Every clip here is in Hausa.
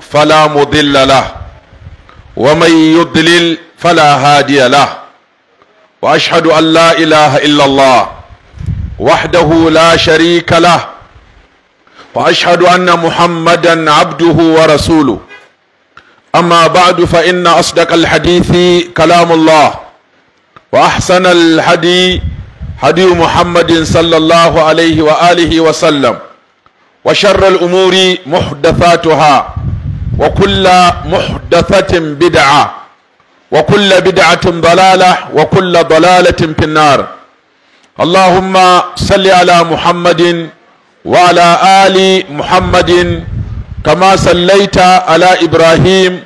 فلا مضل له ومن يضلل فلا هادي له واشهد ان لا اله الا الله وحده لا شريك له واشهد ان محمدا عبده ورسوله اما بعد فان اصدق الحديث كلام الله واحسن الهدي هدي محمد صلى الله عليه واله وسلم وشر الامور محدثاتها وكل محدثة بدعة وكل بدعة ضلالة وكل ضلالة في النار اللهم صل على محمد وعلى آل محمد كما صليت على إبراهيم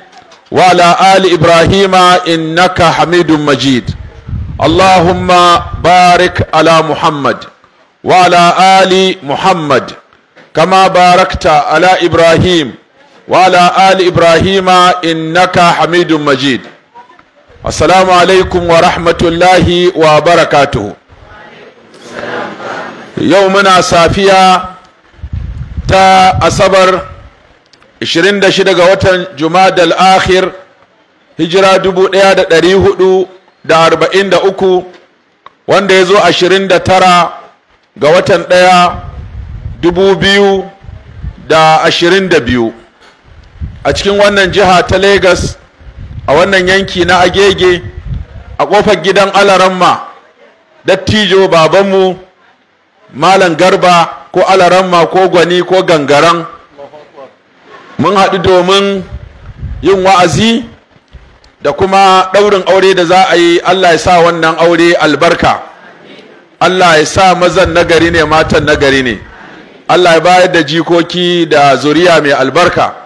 وعلى آل إبراهيم إنك حميد مجيد اللهم بارك على محمد وعلى آل محمد كما باركت على إبراهيم وعلى آل إبراهيم إنك حميد مجيد السلام عليكم ورحمة الله وبركاته يومنا سافية تا أصبر 26 ga watan Jumada al-Akhir hijira 1443 wanda ya zo 29 ga watan 1 2022 a cikin wannan jiha ta Legas a wannan yanki na agege a ƙofar gidan alaramma dattijo babanmu malam garba ko alaramma ko gwani ko gangaran mun haɗu domin yin wa'azi da kuma ɗaurin aure da za a yi allah ya sa wannan aure albarka allah ya sa mazan nagari ne matan nagari ne allah ya bayar da jikoki da zuriya mai albarka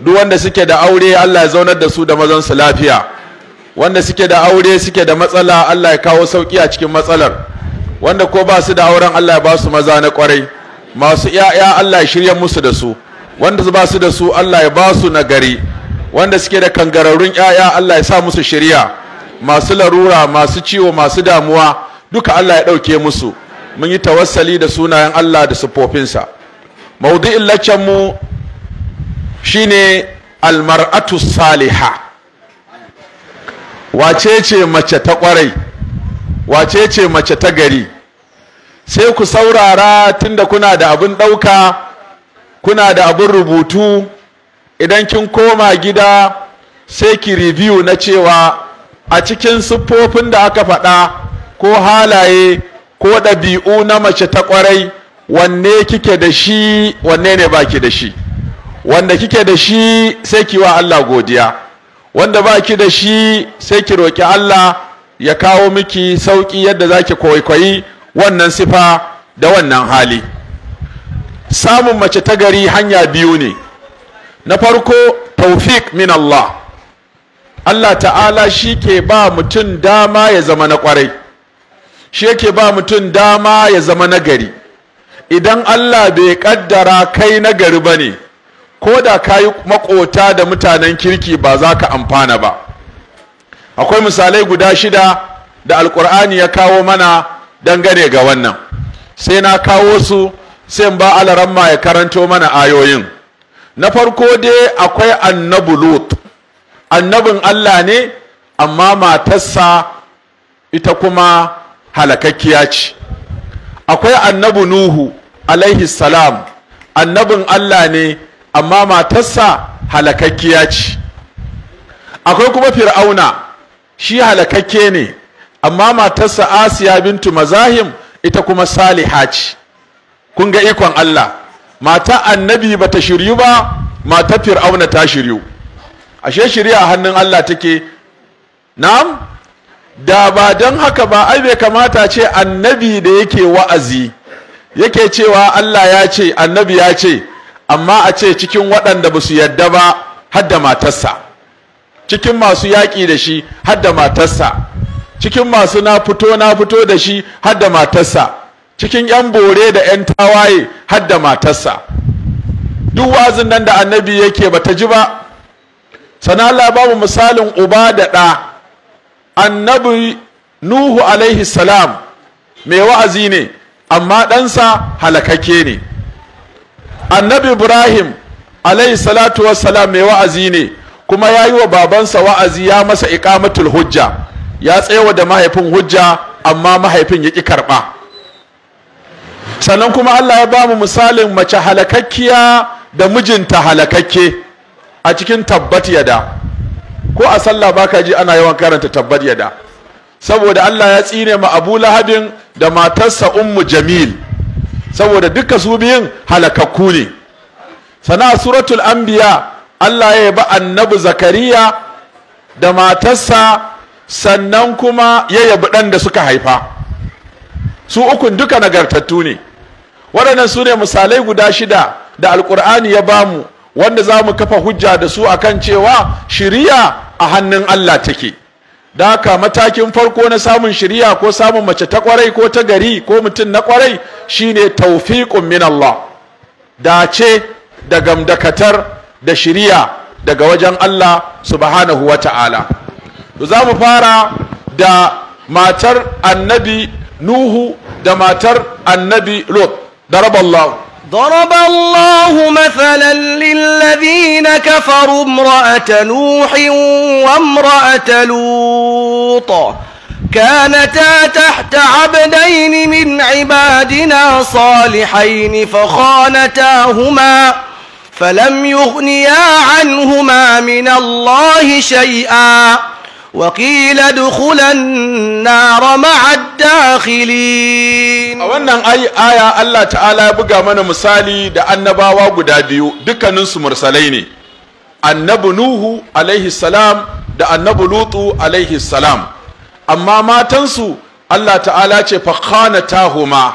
duk wanda suke da aure Allah ya zaunar da su da mazan su lafiya wanda suke da aure suke da matsala Allah ya kawo sauki a cikin matsalar wanda ko ba su da auren Allah ya ba su maza na kwarai masu iyaya Allah ya shirya musu da su wanda ba su da su Allah ya ba su nagari wanda suke da kangararrun iyaya Allah ya sa musu shirya masu larura masu ciwo masu damuwa duka Allah ya dauke musu mun yi tawassali da sunayen Allah da siffofinsa maudu'in laccan mu shine almar'atu saliha wace ce mace ta kwarai wace ce mace ta gari sai ku saurara tunda kuna da abin ɗauka kuna da abin rubutu idan kin koma gida sai ki review na cewa a cikin siffofin da aka faɗa ko halaye ko ɗabi'u na mace ta kwarai wanne kike da shi wanne ne baki da shi wanda kike da shi sai ki wa Allah godiya wanda ba ki da shi sai ki roki Allah ya kawo miki sauƙi yadda za ki kwaikwayi wannan sifa da wannan hali samun mace ta gari hanya biyu ne na farko taufik min Allah Allah ta'ala shi ke ba mutum dama ya zama na kwarai shi yake ba mutum dama ya zama na gari idan Allah bai ƙaddara kai na gari ba ne ko da ka yi makota da mutanen kirki ba za ka amfana ba akwai misalai guda shida da alkur'ani ya kawo mana dangane ga wannan sai na kawo su sai ba alaramma ya karanto mana ayoyin na farko dai akwai annabu lut annabin allah ne amma matarsa ita kuma halakakkiya ce akwai annabu nuhu alaihi salam annabin allah ne amma matarsa halakakkiya ce akwai kuma fir'auna shi halakakke ne amma matarsa asiya bintu mazahim ita kuma saliha ce kun ga ikon Allah mata annabi bata shiryu ba mata fir'auna ta shiryu ashe shirya hannun Allah take na'am da ba don haka ba ai bai kamata ce annabi da yake wa'azi yake cewa Allah ya ce annabi ya ce amma a ce cikin waɗanda ba su yadda ba har da matarsa cikin masu yaƙi da shi har matarsa cikin masu na fito na fito da shi har matarsa cikin ƴan bore da ƴan tawaye har da matarsa duk wazin nan da annabi yake ba ta ji ba sana Allah babu misalin uba da ɗa annabi nuhu alaihi salam mai wa'azi ne amma ɗansa halakakke ne annabi ibrahim alayhi salatu wassalam mai wa'azi ne kuma ya yi wa babansa wa'azi ya masa iqamatul hujja ya tsayawa da mahaifin hujja amma mahaifin ya ƙi karɓa sannan kuma allah ya bamu misalin mace halakakkiya da mijinta halakakke a cikin tabbat yada ko a sallah baka ji ana yawan karanta tabbat yada saboda allah ya tsine ma abu lahabin da matarsa ummu jamil saboda duka su biyun halakakku ne sana suratul anbiya Allah ya yaba annabi zakariya da matarsa sannan kuma ya yabi ɗan da suka haifa su ukun duka nagartattu ne waɗannan su ne misalai guda shida da alƙur'ani ya ba mu wanda za mu kafa hujja da su akan cewa shiriya a hannun Allah take da haka matakin farko na samun shiriya ko samun mace ta kwarai ko ta gari ko mutum na kwarai shine taufiqun min Allah dace da gamdakatar da shiriya daga wajen Allah subhanahu wata'ala to zamu fara da matar annabi nuhu da matar annabi lut daraballahu ضرب الله مثلا للذين كفروا امرأة نوح وامرأة لوط كانتا تحت عبدين من عبادنا صالحين فخانتاهما فلم يغنيا عنهما من الله شيئا وقيل ادخل النار مع الداخلين a wannan aya Allah ta'ala ya buga mana misali da annabawa guda biyu su mursalai ne annabi nuhu alaihi salam da annabu lutu alaihi salam amma matansu Allah ta'ala ce fa tahuma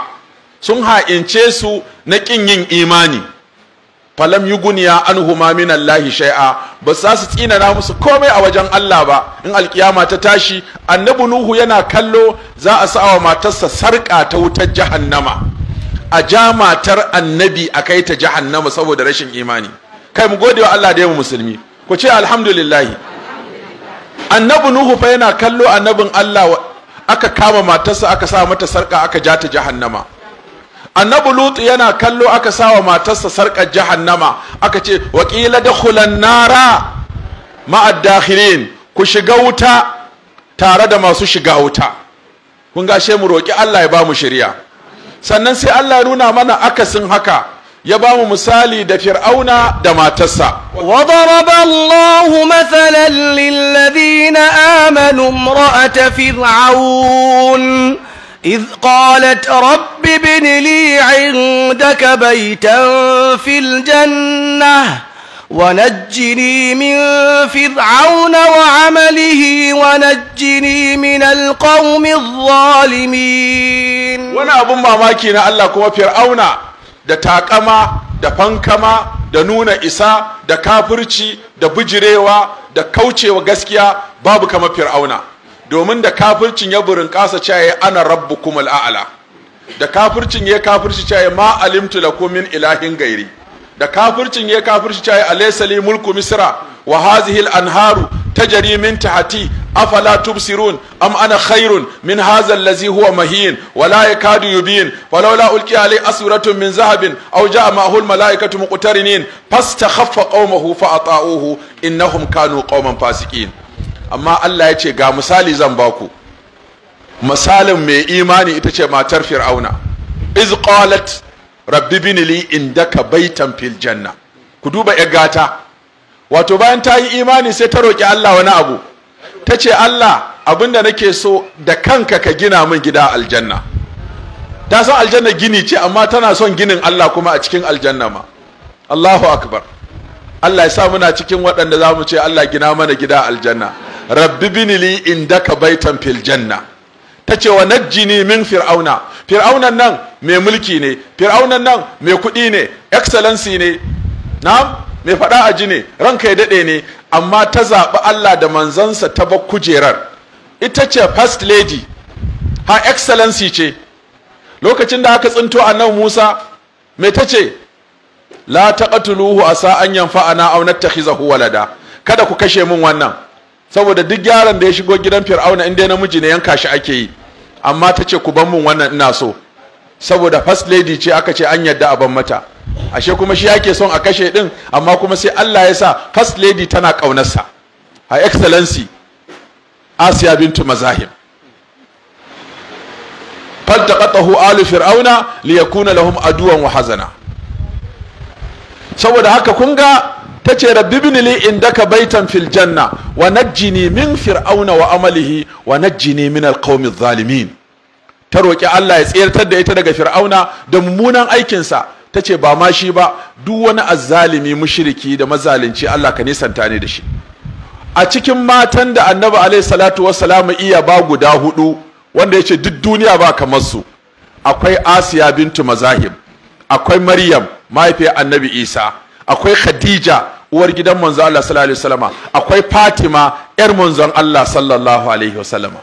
sun ha'ince su na kin yin imani falam yuguniya anhuma min Allah shay'a ba sa su tsinana musu komai a wajen Allah ba in alkiyama ta tashi annabi nuhu yana kallo za a sa wa matarsa sarka ta wutar jahannama a ja matar annabi a kai ta jahannama saboda rashin imani kai mu gode wa Allah da yamma musulmi ku ce alhamdulillah annabi nuhu fa yana kallo annabin Allah aka kama matarsa aka sa mata sarka aka ja ta jahannama annabi lutu yana kallo aka sawa matarsa sarkar jahannama aka ce waƙila da hulan nara ma'addahirin ku shiga wuta tare da masu shiga wuta kun gashe mu roƙi allah ya ba mu shirya sannan sai allah ya nuna mana akasin haka ya ba mu misali da fir'auna da matarsa Allahu الله ladina للذين آمنوا ta fir'aun. إذ قالت رب ابن لي عندك بيتا في الجنة ونجني من فرعون وعمله ونجني من القوم الظالمين وانا أبو ماماكينا الله كما فرعون دا تاكما دا فنكما دا نونا إسا دا كافرشي دا بجريوا دا كوشي وغسكيا بابكما كما فرعون domin da kafircin ya burin kasa cewa ana rabbukum al'ala da kafircin ya kafirci cewa ma alimtu lakum min ilahin gairi da kafircin ya kafirci cewa a laisali mulku misra wa hadhihi anharu tajri min tahti afala tubsirun am ana khairun min hadha allazi huwa mahin wa la yakadu yubin falawla ulqiya alay asratun min zahabin aw jaa ma'ahu al-mala'ikatu muqtarinin fastakhaffa qaumahu fa ata'uhu innahum kanu qauman fasiqin amma Allah ya ce ga misali zan baku misalin mai imani ita ce matar fir'auna iz qalat rabbi bin li indaka baitan fil janna ku duba ya gata wato bayan ta yi imani sai ta roki Allah wani abu ta ce Allah abinda nake so da kanka ka gina min gida aljanna ta san aljanna gini ce amma tana son ginin Allah kuma a cikin aljanna ma Allahu akbar Allah ya sa muna cikin waɗanda za mu ce Allah gina mana gida aljanna rabbi binili indaka baitan fil janna ta ce wa najjini min fir'auna fir'aunan nan mai mulki ne fir'aunan nan mai kuɗi ne excellency ne na mai faɗa a ji ne ranka ya daɗe ne amma ta zaɓi Allah da manzansa ta bar kujerar ita ce first lady ha excellency ce lokacin da aka tsinto a nan Musa me ta ce la taqatuluhu asa an yanfa'ana aw nattakhizahu walada kada ku kashe min wannan saboda duk yaron da ya shigo gidan fir'auna inda dai namiji ne yanka shi ake yi amma ta ce ku ban mun wannan ina so saboda first lady ce aka ce an yadda a ban mata ashe kuma shi ake son a kashe din amma kuma sai Allah ya sa first lady tana kaunarsa a excellency Asiya bintu Mazahim faltaqatahu alu fir'auna liyakuna lahum aduwan wa hazana saboda haka kun ga ta ce rabbi binili daka baitan fil janna wa najjini min fir'auna wa amalihi wa najjini min alqawmi zalimin ta roƙi Allah ya tsayartar da ita daga fir'auna da mummunan aikinsa ta ce ba ma shi ba duk wani azzalimi mushriki da mazalunci Allah ka nisanta ne da shi a cikin matan da annabi alaihi salatu salamu iya ba guda hudu wanda ya ce duk duniya ba kamar su akwai asiya bintu mazahib akwai maryam mahaifiyar annabi isa akwai khadija uwar gidan manzon Allah sallallahu alaihi wasallama akwai Fatima yar manzon Allah sallallahu alaihi wasallama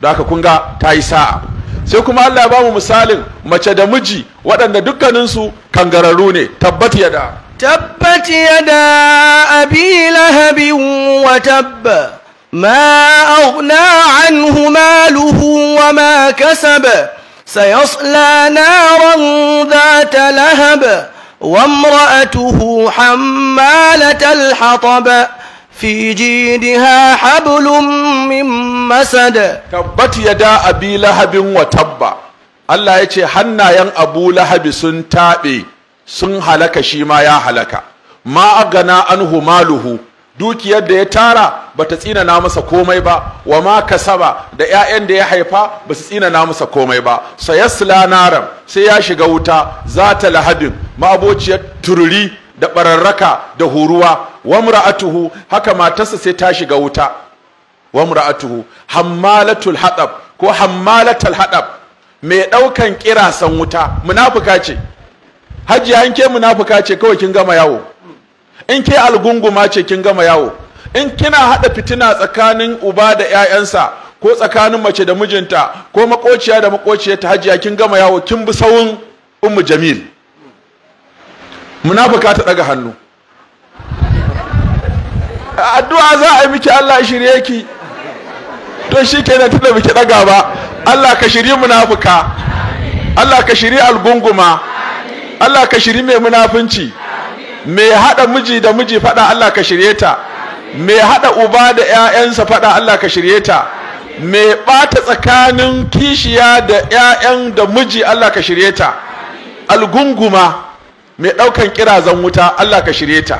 don haka kun ga ta yi sa'a sai kuma Allah ya bamu misalin mace da miji waɗanda su kangararru ne tabbati yada da tabbat yada abi lahabin wa tabb ما أغنى عنه ماله وما كسب سيصلى نارا ذات لهب وامرأته حمالة الحطب في جيدها حبل من مسد تبت يدا أبي لهب وتب Allah ya ce hannayen Abu Lahabi sun taɓe sun halaka shima ya halaka ma agana anhu maluhu dukiyar da ya tara ba bata tsinana masa komai ba wa ma kasaba da ya'yan da ya haifa ba su tsinana masa komai ba sayasla naram sai ya shiga wuta zata lahadin ma'abociyar tururi da bararraka da huruwa wa mra'atuhu haka matarsa sai ta shiga wuta wa mra'atuhu hammalatul haɗab ko hammalatul hadab mai ɗaukan kirasan wuta munafuka ce hajji hanke munafuka ce kawai kin gama yawo in ke algunguma ce kin gama yawo in kina haɗa fitina tsakanin uba da ƴaƴansa, ko tsakanin mace da mijinta ko makociya da makociya ta hajiya kin gama yawo kin bi sawun ummu jamil munafuka ta ɗaga hannu addu'a za a yi miki Allah shirye ki to shi kenan tunda biki ɗaga ba Allah ka shiri munafuka Allah ka shiri algunguma Allah ka shiri mai munafunci mai haɗa miji da miji faɗa Allah ka shirye ta mai haɗa uba da 'ya'yansa faɗa Allah ka shirye ta mai ɓata tsakanin kishiya da 'ya'yan da miji Allah ka shirye ta algunguma mai ɗaukan kirazan wuta Allah ka shirye ta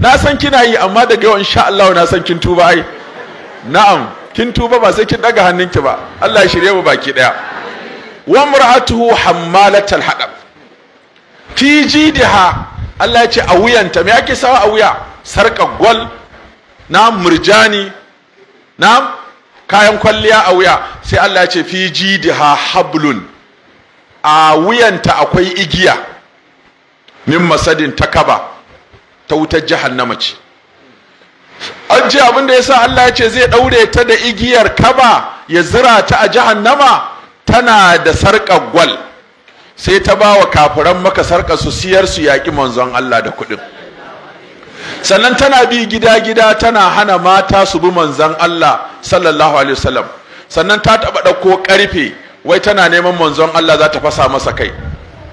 na san kina yi amma daga yau insha Allah na san kin tuba ai na'am kin tuba ba sai kin daga hannunki ba Allah ya shirye mu baki daya wa mar'atuhu hammalatal hadab fi jidha Allah ya ce a wuyanta me ake sawa a wuya Sarka gwal na murjani na kayan kwalliya a wuya sai Allah ya ce fi jidha hablun a wuyanta akwai igiya min masadin ta ta wutar jahannama ce an ji abin da yasa Allah ya ce zai daure ta da igiyar kaba ya zira ta a jahannama tana da sarka gwal sai ta ba wa kafiran maka sarka su siyar su yaƙi manzon Allah da kuɗin sannan tana bi gida-gida tana hana mata su bi manzon Allah sallallahu alaihi wasallam sannan ta taɓa ɗauko ƙarfe wai tana neman manzon Allah za ta fasa masa kai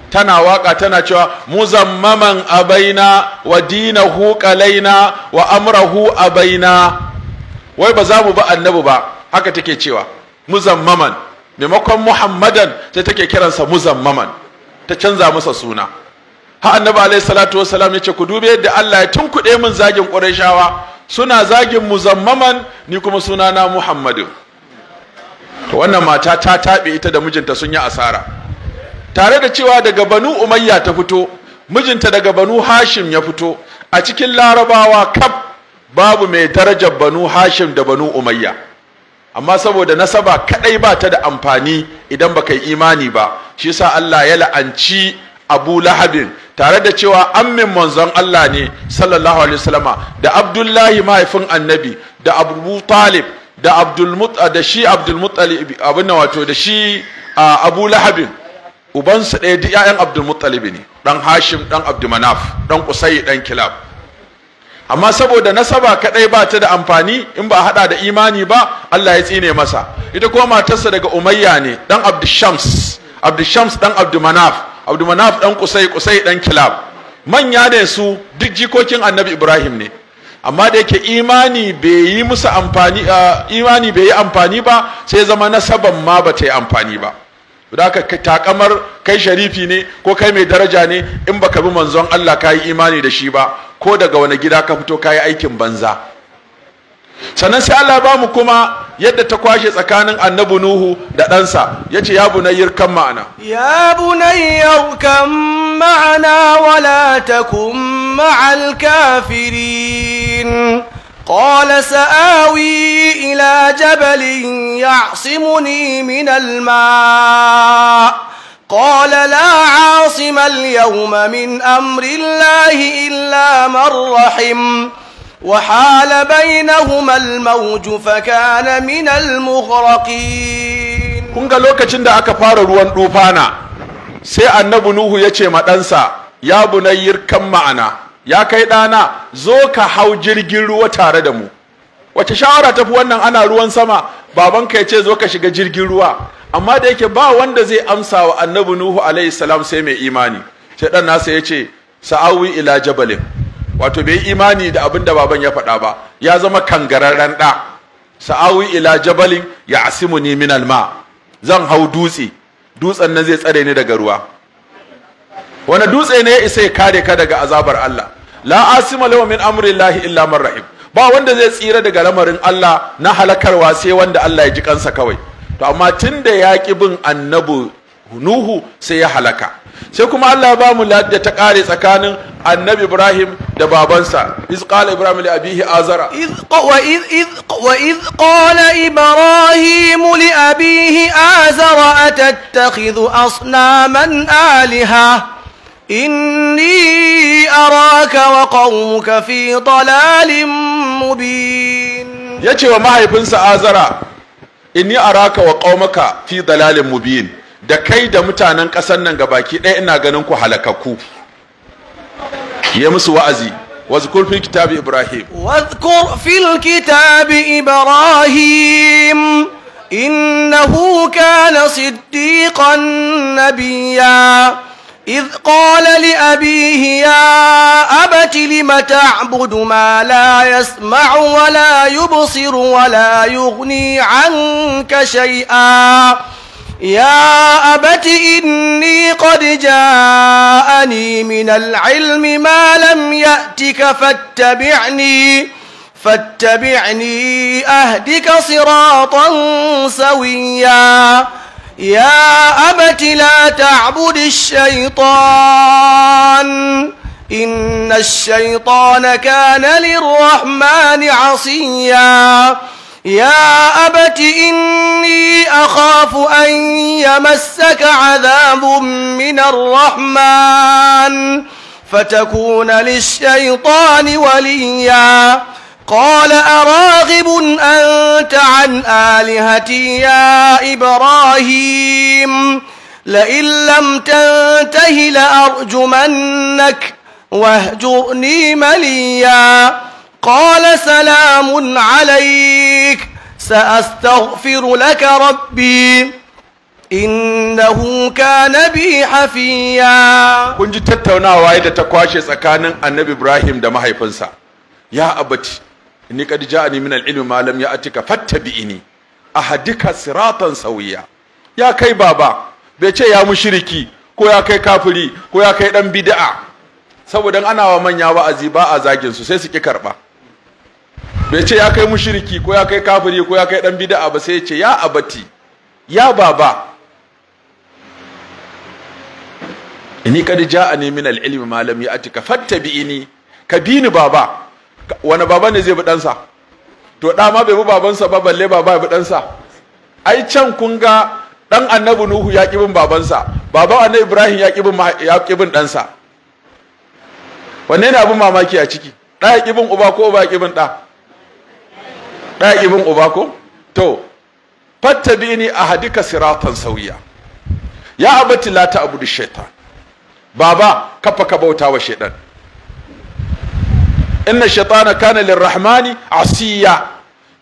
tana waka tana cewa muzammaman abaina wa dinahu qalaina wa amrahu abaina wai ba za mu bi annabi ba haka take cewa muzammaman maimakon muhammadan sai take kiransa muzammaman ta canza masa suna ha annabi alaihi salatu wassalam ya ce ku dube yadda Allah ya tunkuɗe min zagin qurayshawa suna zagin muzammaman ni kuma sunana muhammadu to wannan mata ta taɓe ita da mijinta sun yi asara tare da cewa daga banu umayya ta fito mijinta daga banu hashim ya fito a cikin larabawa kaf babu mai darajar banu hashim da banu umayya amma saboda nasaba kadai ba ta da amfani idan baka yi imani ba shi yasa Allah ya la'anci Abu Lahabin tare da cewa ammin manzon Allah ne sallallahu alaihi wasallama da Abdullahi mahaifin Annabi da Abu Talib da Abdul ah, da shi Abdul Muttalib abin wato da shi ah, Abu Lahabin ubansu ɗaya duk 'ya'yan Abdul Muttalib ne dan Hashim dan Abdul Manaf dan Qusay dan Kilab amma saboda nasaba kaɗai ba ta da amfani in ba haɗa da imani ba Allah ya tsine masa ita kuma matarsa daga Umayya ne dan Abdushams Abdushams dan Abdu Manaf dan Qusay Qusay dan Kilab manya ne su duk jikokin Annabi Ibrahim ne amma da yake imani bai yi musu amfani imani bai yi amfani ba sai zama nasaban ma ba ta yi amfani ba da ka takamar kai sharifi ne ko kai mai daraja ne in baka bi manzon Allah ka yi imani da shi ba ko daga wani gida ka fito kayi aikin banza sannan sai Allah ba mu kuma yadda ta kwashe tsakanin annabi Nuhu da ɗansa ya ce ya bunayyar kan ma'ana ya bunayyar kan ma'ana wala takum ma'al kafirin قال سآوي إلى جبل يعصمني من الماء قال asimal عاصم اليوم من أمر الله إلا من رحم وحال بينهما الموج فكان من المغرقين kun lokacin da aka fara ruwan dufana sai annabi nuhu ya ce ma ɗansa ya bunayyir kan ma'ana ya kai ɗana zo ka hau jirgin ruwa tare da mu wace shawara tafi wannan ana ruwan sama babanka ya ce zo ka shiga jirgin ruwa amma da yake ba wanda zai amsa wa annabi nuhu alaihi salam sai mai imani sai dan nasa ya ce sa'awi ila jabalin wato bai imani da abin da baban ya faɗa ba ya zama kangararren ɗa sa'awi ila jabalin ya asimu ni alma zan hau dutse dutsen nan zai tsare ni daga ruwa wani dutse ne ya isa ya kare ka daga azabar Allah la asima lahu min llahi illa man rahim ba wanda zai tsira daga lamarin Allah na halakarwa sai wanda Allah ya ji kansa kawai to amma tun da ya ƙi bin annabi nuhu sai ya halaka sai kuma Allah ba mu ladda ta kare tsakanin annabi Ibrahim da babansa iz qala ibrahim li abihi azara iz wa iz iz wa iz qala ibrahim li abihi azara atattakhidhu asnaman aliha inni araka wa qaumuka fi dalalin mubin yace wa mahaifinsa azara inni araka wa qaumaka fi dalalin mubin da kai da mutanen ƙasar nan gabaki ɗaya ina ganin ku halakakku ya musu wa'azi واذكر في كتاب إبراهيم واذكر في الكتاب إبراهيم إنه كان صديقا نبيا إذ قال لأبيه يا أبت لم تعبد ما لا يسمع ولا يبصر ولا يغني عنك شيئا يا أبت إني قد جاءني من العلم ما لم يأتك فاتبعني فاتبعني أهدك صراطا سويا يا أبت لا تعبد الشيطان إن الشيطان كان للرحمن عصيا يا أبت إني أخاف أن يمسك عذاب من الرحمن فتكون للشيطان وليا قال أراغب أنت عن آلهتي يا إبراهيم لئن لم تنته لأرجمنك واهجرني مليا قال سلام عليك سأستغفر لك ربي إنه كان بي حفيا كنت تتونا وايدة تقواشي سكان النبي إبراهيم دمهي فنسا يا أبتي inni kad ja'ani min al-ilmi ma lam ya'tika fattabi'ini ahadika siratan sawiya ya kai baba bai ce ya mushriki ko ya kai kafiri ko ya kai dan bid'a saboda ana wa manya wa'azi ba a zagin su sai su ki karba bai ce ya kai mushriki ko ya kai kafiri ko ya kai dan bid'a ba sai ya ce ya abati ya baba inni kad ja'ani min al-ilmi ma lam ya'tika fattabi'ini ka bini baba wani baba ne zai bi ɗansa to ɗa ma bai bi babansa ba balle baba ya bi ɗansa ai can kun ga ɗan annabi nuhu ya ƙi bin babansa baba annabi ibrahim ya ƙi bin ɗansa wanne ne abin mamaki a ciki ɗa ya ƙi bin uba ko uba ya ƙi bin ɗa ɗa ya ƙi bin uba ko to a hadika siratan sauya ya abati la abudu shaitan baba kafa ka bauta wa shaitan inna shaitana kana lirrahmani asiya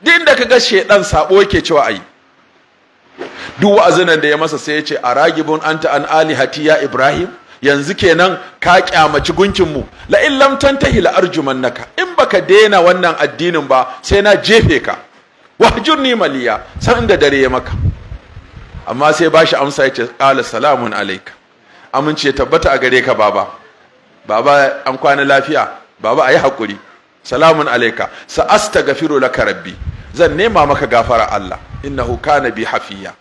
duk inda kaga shaitan sabo yake cewa ai duk wa'azinan da ya masa sai ya ce aragibun anta an alihati ya ibrahim yanzu kenan ka kyamaci gunkin mu la in lam tantahi la naka in baka daina wannan addinin ba sai na jefe ka wahjurni maliya san da dare ya maka amma sai bashi amsa ya qala salamun alayka amince tabbata a gare ka baba baba an kwana lafiya baba a yi hakuri salamun alaika sa gafiro laka rabbi zan nema maka gafara Allah innahu kana bi hafiya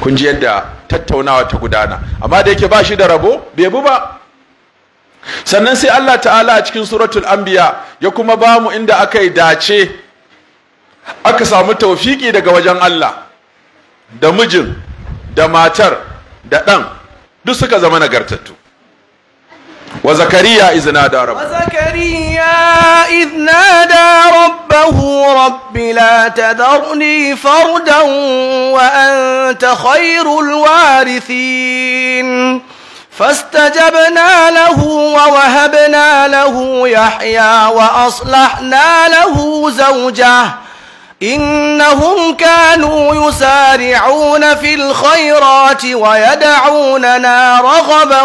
kun ji yadda tattaunawa ta gudana amma da yake ba shi da rabo bai bi ba sannan sai Allah ta'ala a cikin suratul anbiya ya kuma ba mu inda aka yi dace aka samu taufiki daga wajen Allah da mijin da matar da ɗan duk suka zama nagartattu وزكريا إذ نادى ربه وزكريا إذ نادى ربه رب لا تذرني فردا وأنت خير الوارثين فاستجبنا له ووهبنا له يحيى وأصلحنا له زوجه إنهم كانوا يسارعون في الخيرات ويدعوننا رغبا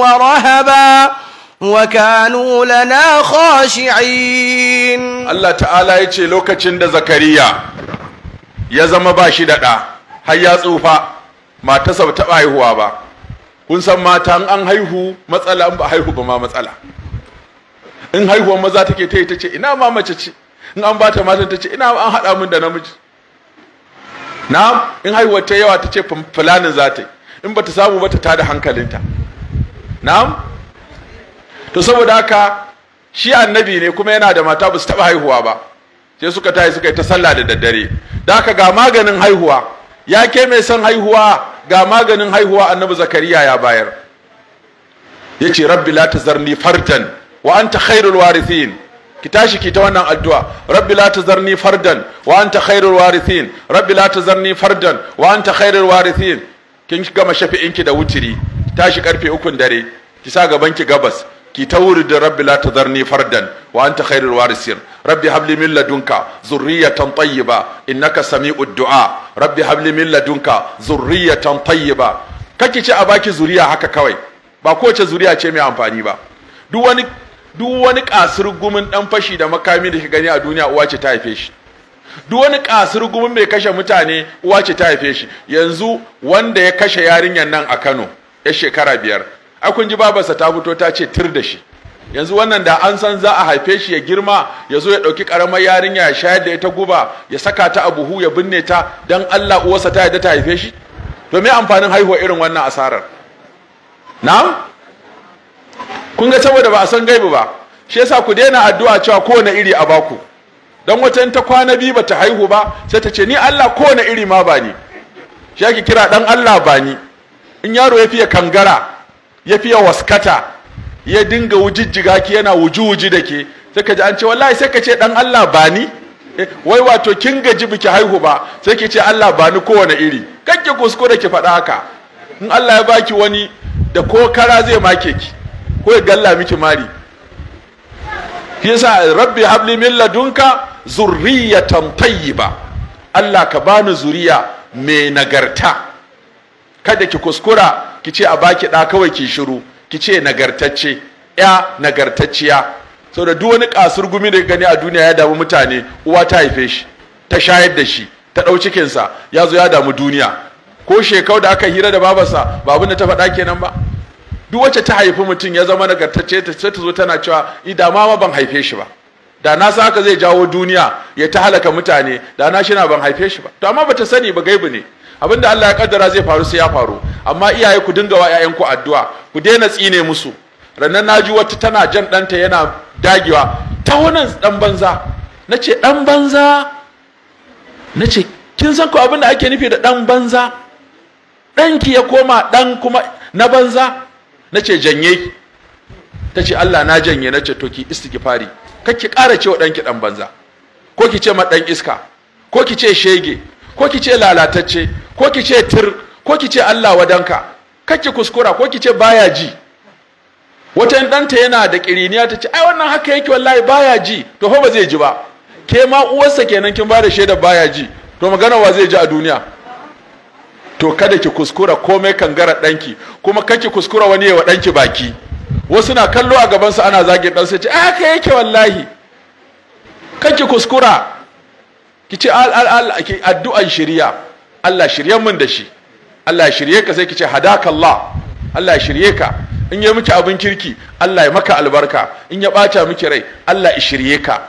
ورهبا وكانوا لنا خاشعين الله تعالى يتشي لوكا تشند زكريا يزم باشدة هيا صوفا ما تسب تبعي وابا با kun san mata an haihu matsala in ba haihu ba ma matsala in haihuwar maza take in an bata matan ta ce ina an haɗa min da namiji na in haihuwar ta yawa ta ce fulanin za ta yi in bata samu ba ta da hankalinta na to saboda haka shi annabi ne kuma yana da mata ba su taɓa haihuwa ba sai suka tayi suka yi ta sallah da daddare da haka ga maganin haihuwa ya ke mai son haihuwa ga maganin haihuwa annabi zakariya ya bayar ya ce rabbi la tazarni fardan wa anta khairul warithin ki tashi ki ta wannan addu'a rabbi la tazarni fardan wa anta khairul warithin rabbi la tazarni fardan wa anta khairul warithin kin gama shafi'in ki da wutiri tashi karfe 3 dare ki sa gaban ki gabas ki ta da rabbi la tazarni fardan wa anta khairul warithin rabbi habli min ladunka zurriyatan tayyiba innaka sami'ud du'a rabbi habli min ladunka zurriyatan tayyiba kake ci a baki zuriya haka kawai ba kowace zuriya ce mai amfani ba duk wani duk wani kasir gumin dan fashi da makami da shi gani a duniya uwa ce ta haife shi duk wani kasir gumin mai kashe mutane uwa ce ta haife shi yanzu wanda ya kashe yarinyar nan a Kano ya shekara biyar a kun ji babarsa ta fito ta ce tir da shi yanzu wannan da an san za a haife shi ya girma ya zo ya ɗauki ƙaramar yarinya ya shayar da ita guba ya saka ta a buhu ya binne ta dan Allah uwarsa ta yadda ta haife shi to me amfanin haihuwa irin wannan asarar na'am kun ga saboda ba a san gaibu ba shi yasa ku daina addu'a cewa kowane iri a baku dan wata ta kwana biyu bata haihu ba sai ta ce ni Allah kowane iri ma ba ni shi ake kira dan Allah ba ni in yaro ya fiye kangara ya fiye waskata ya dinga wujijjiga ki yana wuji-wuji da ke sai ka ji an ce wallahi sai ka ce dan Allah ba ni eh, wai wato kin gaji biki haihu ba sai ki ce Allah ba ni kowane iri kanki kuskure ki faɗa haka in Allah ya baki wani da ko kara zai make ki ko ya galla miki mari shi yasa rabbi habli min ladunka zurriyatan tayyiba Allah ka bani zuriya mai nagarta kada ki kuskura ki ce a baki da kawai ki shiru ki ce nagartacce ya nagartacciya saboda duk wani kasur gumi da gani a duniya ya damu mutane uwa ta haife shi ta shayar da shi ta ɗau cikinsa ya zo ya damu duniya ko shekau da aka hira da babarsa ba abin da ta faɗa kenan ba duk wacce ta haifi mutum ya zama nagartacce ta sai ta zo tana cewa da ma ban haife shi ba da na san haka zai jawo duniya ya ta halaka mutane da na shi na ban haife shi ba to amma bata sani ba gaibu ne abinda Allah ya kaddara zai faru sai ya faru amma iyaye ku dinga wa ku addu'a ku daina tsine musu rannan naji wata tana jan danta yana dagewa ta wannan dan banza nace dan banza nace kin san ko abinda ake nufi da dan banza danki ya koma ɗan kuma na banza nace janye ta ce Allah na janye na ce to ki istighfari kar ki ƙara cewa ɗanki ɗan banza ko ki ce maɗan iska ko ki ce shege ko ki ce lalatacce ko ki ce tir ko ki ce Allah wadanka kar ki kuskura ko ki ce baya ji wata ɗanta yana da ƙiriniya ta ce ai wannan haka yake wallahi baya ji to fa ba zai ji ba ke ma uwarsa kenan kin ba da shaidar baya ji to magana wa zai ji a duniya to kada ki kuskura komai gara ɗanki kuma kake kuskura wani yawa ɗanki baki wasu na kallo a gabansu ana zage sai ce a ah, ka yake wallahi kake kuskura ki ce addu'an shirya Allah shirya mun da shi Allah ya shirye ka sai ki ce hadakallah Allah shirye ka in ya miki abin kirki Allah ya maka albarka in ya ɓata miki rai Allah ya shirye ka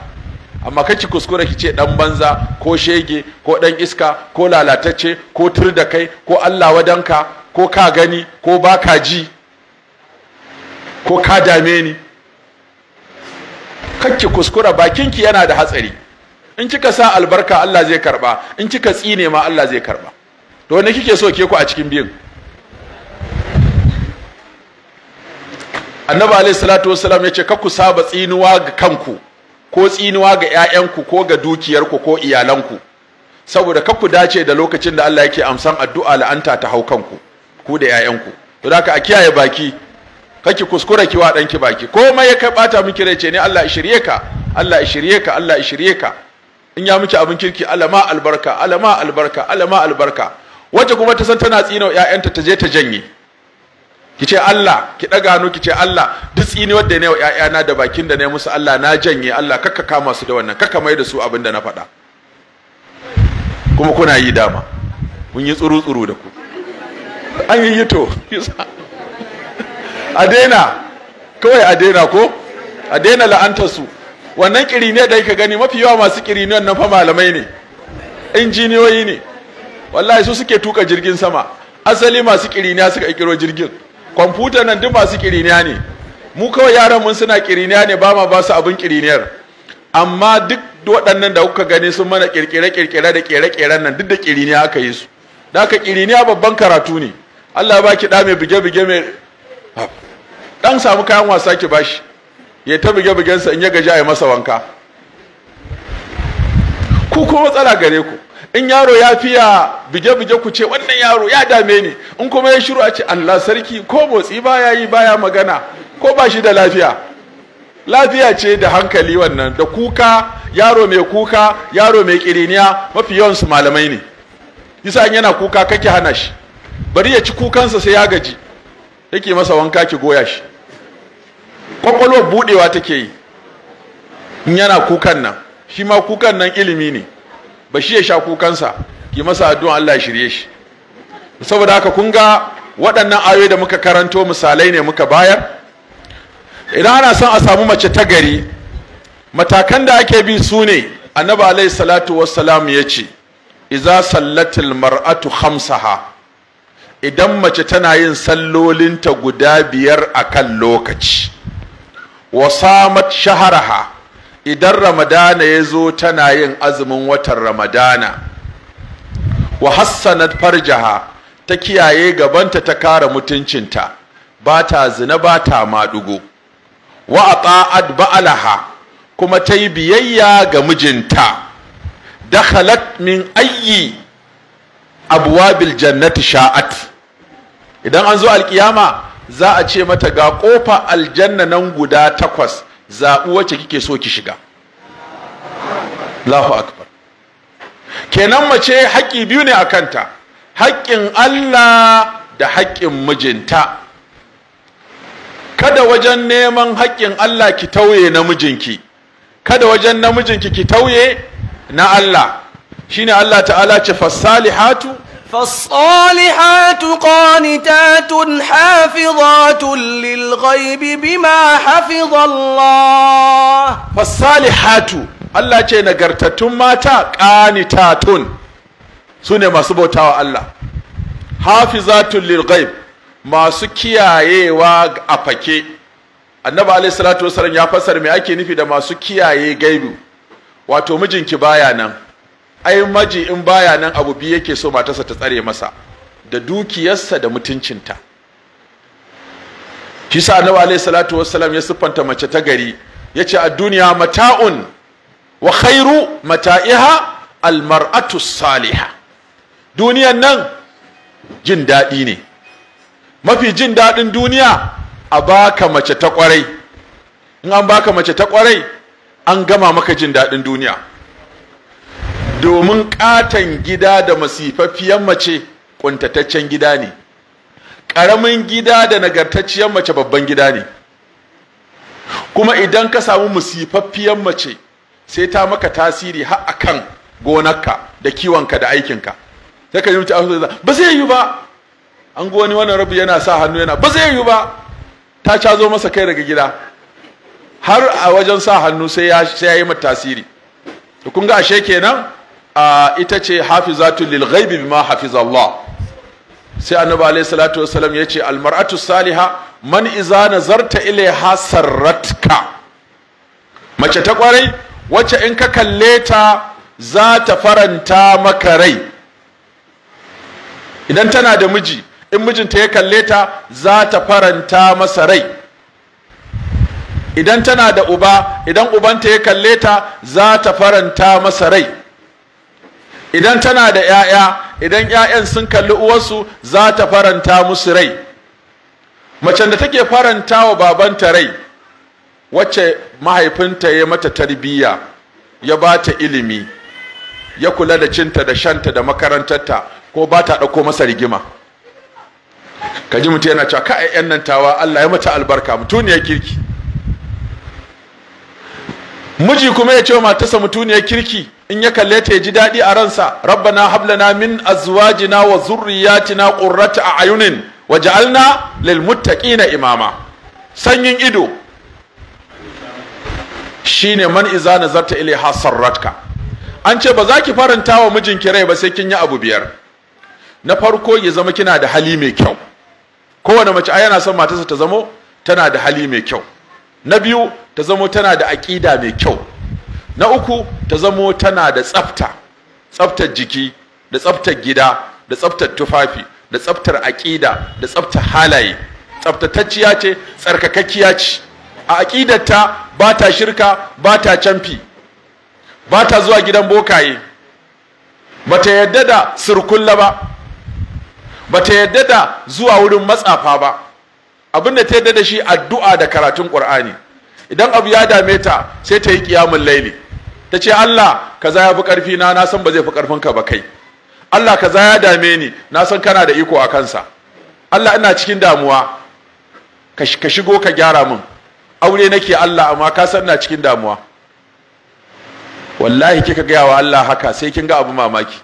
amma kake kuskura ki ce dan banza ko shege ko ɗan iska ko lalatacce ko tur da kai ko Allah wadanka ko ka gani ko ba ka ji ko ka dame ni kake kuskura bakinki yana da hatsari in kika sa albarka Allah zai karba in kika tsine ma Allah zai karba to wanne kike so ke ku a cikin biyun annabi alaihi salatu wasalam ya ce ku saba tsinuwa ga kanku ko tsinuwa ga 'ya'yanku ko ga dukiyarku ko iyalanku saboda kar ku dace da lokacin da Allah yake amsan addu'a la'anta ta hau kanku ku da 'ya'yanku to da a kiyaye baki kake kuskura kiwa danki baki komai ya kai bata miki rai ce ne Allah shirye ka Allah shirye ka Allah shirye ka in ya miki abin kirki alama albarka alama albarka alama albarka wacce kuma ta san tana tsino 'ya'yanta ta je ta janye ki ce Allah ki ɗaga hannu ki ce Allah duk tsini wadda ne wa ƴaƴana da bakin da ne musu Allah na janye Allah kakka kama su da wannan kakka mai da su abin da na faɗa kuma kuna yi dama mun yi tsuru tsuru da ku an yi yito a daina kawai a daina ko a daina la'antar su wannan kiri ne da ka gani mafi yawa masu kiri ne wannan fa malamai ne injiniyoyi ne wallahi su suke tuka jirgin sama asali masu kiri ne suka kiro jirgin kwamfuta nan duk masu kiriniya ne mu kawai yaran mun suna kiriniya ne ba ma ba su abin kiriniyar amma duk waɗannan da kuka gani sun mana kirkire-kirkire da kere kere nan duk da kiriniya aka yi su da aka kiriniya babban karatu ne Allah ba baki ɗa mai buge-buge mai Ɗan samu kayan wasa ki bashi ya ta buge-bugensa in ya gaji a yi masa wanka ku kuma matsala gare ku in yaro ya fiya bige-bige ku ce wannan yaro ya dame ni in kuma ya shiru a ce Allah sarki ko motsi baya yi baya magana ko ba shi da lafiya lafiya ce da hankali wannan da kuka yaro mai kuka yaro mai kiriniya mafi yawansu malamai ne yasa yana kuka kake hana shi bari ya ci kukansa sai ya gaji yake masa wanka ki goya shi kwakwalwar budewa take yi in yana kukan nan shi ma kukan nan ilimi ne ba shi ya sha kukansa ki masa addu'a Allah ya shirye shi saboda haka kun ga waɗannan ayoyi da muka karanto misalai ne muka bayar idan ana son a samu mace ta gari matakan da ake bi su ne annabi alayhi salatu wassalam ya ce iza sallatil mar'atu khamsaha idan mace tana yin sallolinta guda biyar akan lokaci wa samat shaharaha idan ramadana ya zo tana yin azumin watan ramadana wa hassanat farjaha ta kiyaye gabanta ta kara mutuncinta ba ta zina ba ta madugo wa ata'at ba'alaha kuma ta yi biyayya ga mijinta dakhalat min ayyi abwabil jannati sha'at idan an zo alkiyama za a ce mata ga kofa aljanna nan guda takwas zaɓi wacce kike so ki shiga Allahu akbar kenan mace haƙƙi biyu ne a kanta haƙƙin Allah da haƙƙin mijinta kada wajen neman haƙƙin Allah ki tauye namijinki kada wajen namijinki ki tauye na Allah shine Allah ta'ala ce fasalihatu فالصالحات قانتات حافظات للغيب بما حفظ الله فالصالحات Allah ce nagartattun mata qanitatun sune masu bautawa Allah hafizatun lil masu kiyayewa a fake annabi alaihi salatu wasallam ya fasar me ake nufi da masu kiyaye gaibu wato mijinki baya nan ai maji in baya nan abu biyu yake so matarsa ta tsare masa da dukiyarsa da mutuncinta kisa annabi alayhi salatu wassalam ya siffanta mace ta gari ce a duniya mata'un wa khairu mata'iha almar'atu Saliha. duniyan nan jin daɗi ne mafi jin daɗin duniya a baka mace ta kwarai in an baka mace ta kwarai an gama maka jin daɗin duniya domin ƙaton gida da masifaffiyan mace ƙuntataccen gida ne ƙaramin gida da nagartacciyar mace babban gida ne kuma idan ka samu musifaffiyan mace sai ta maka tasiri har akan gonarka da kiwonka da aikinka sai ka yi wuce ba zai yi ba an goni wannan rabu yana sa hannu yana ba zai yi ba ta cazo masa kai daga gida har a wajen sa hannu sai ya yi mata tasiri kun ga ashe kenan ita ce hafizatu lil ghaibi bima hafiz Allah sai annabi alayhi salatu wasallam yace al mar'atu salihah man iza nazarta ilaiha sarratka mace ta kwarai wacce in ka kalle ta za ta faranta maka rai idan tana da miji in mijinta ya kalle ta za ta faranta masa rai idan tana da uba idan ubanta ya kalle ta za ta faranta masa rai idan tana da 'ya'ya idan 'ya'yan sun kalli uwarsu za ta faranta musu rai macen da take faranta wa babanta rai wacce mahaifinta ya mata tarbiyya ya ba ta ilimi ya kula da cinta da shanta da makarantarta ko ba ta ɗauko masa rigima ka ji mutu yana cewa ka 'yan nan tawa Allah ya mata albarka ya kirki miji kuma ya ce matarsa mutuniyar kirki in ya kalle ta ji daɗi a ransa rabbana hablana min azwajina wa zurriyatina qurrata a'yunin waj'alna lil muttaqina imama sanyin ido shine man iza nazarta ilaiha sarratka an ce ba za ki faranta wa mijinki rai ba sai kin yi abu biyar na farko ya zama kina da hali mai kyau kowane mace ai yana son matarsa ta zamo tana da hali mai kyau na biyu ta zamo tana da aƙida mai kyau na uku ta zamo tana da tsafta tsaftar jiki da tsaftar gida da tsaftar tufafi da tsaftar aƙida da tsaftar halaye tsaftatacciya ce tsarkakakkiya ce a aƙidarta ba ta shirka ba ta canfi ba ta zuwa gidan bokaye ba ta yadda da sirkulla ba ba ta yadda da zuwa wurin matsafa ba abin da ta yadda da shi addu'a da karatun qur'ani idan abu ya dame ta sai ta yi qiyamul laili ta ce Allah kaza ya fi karfi na na san ba zai fi karfin ka ba kai Allah kaza ya dame ni na san kana da iko a kansa Allah ina cikin damuwa ka shigo ka gyara min aure nake Allah amma ka san ina cikin damuwa wallahi kika gaya wa Allah haka sai kin ga abu mamaki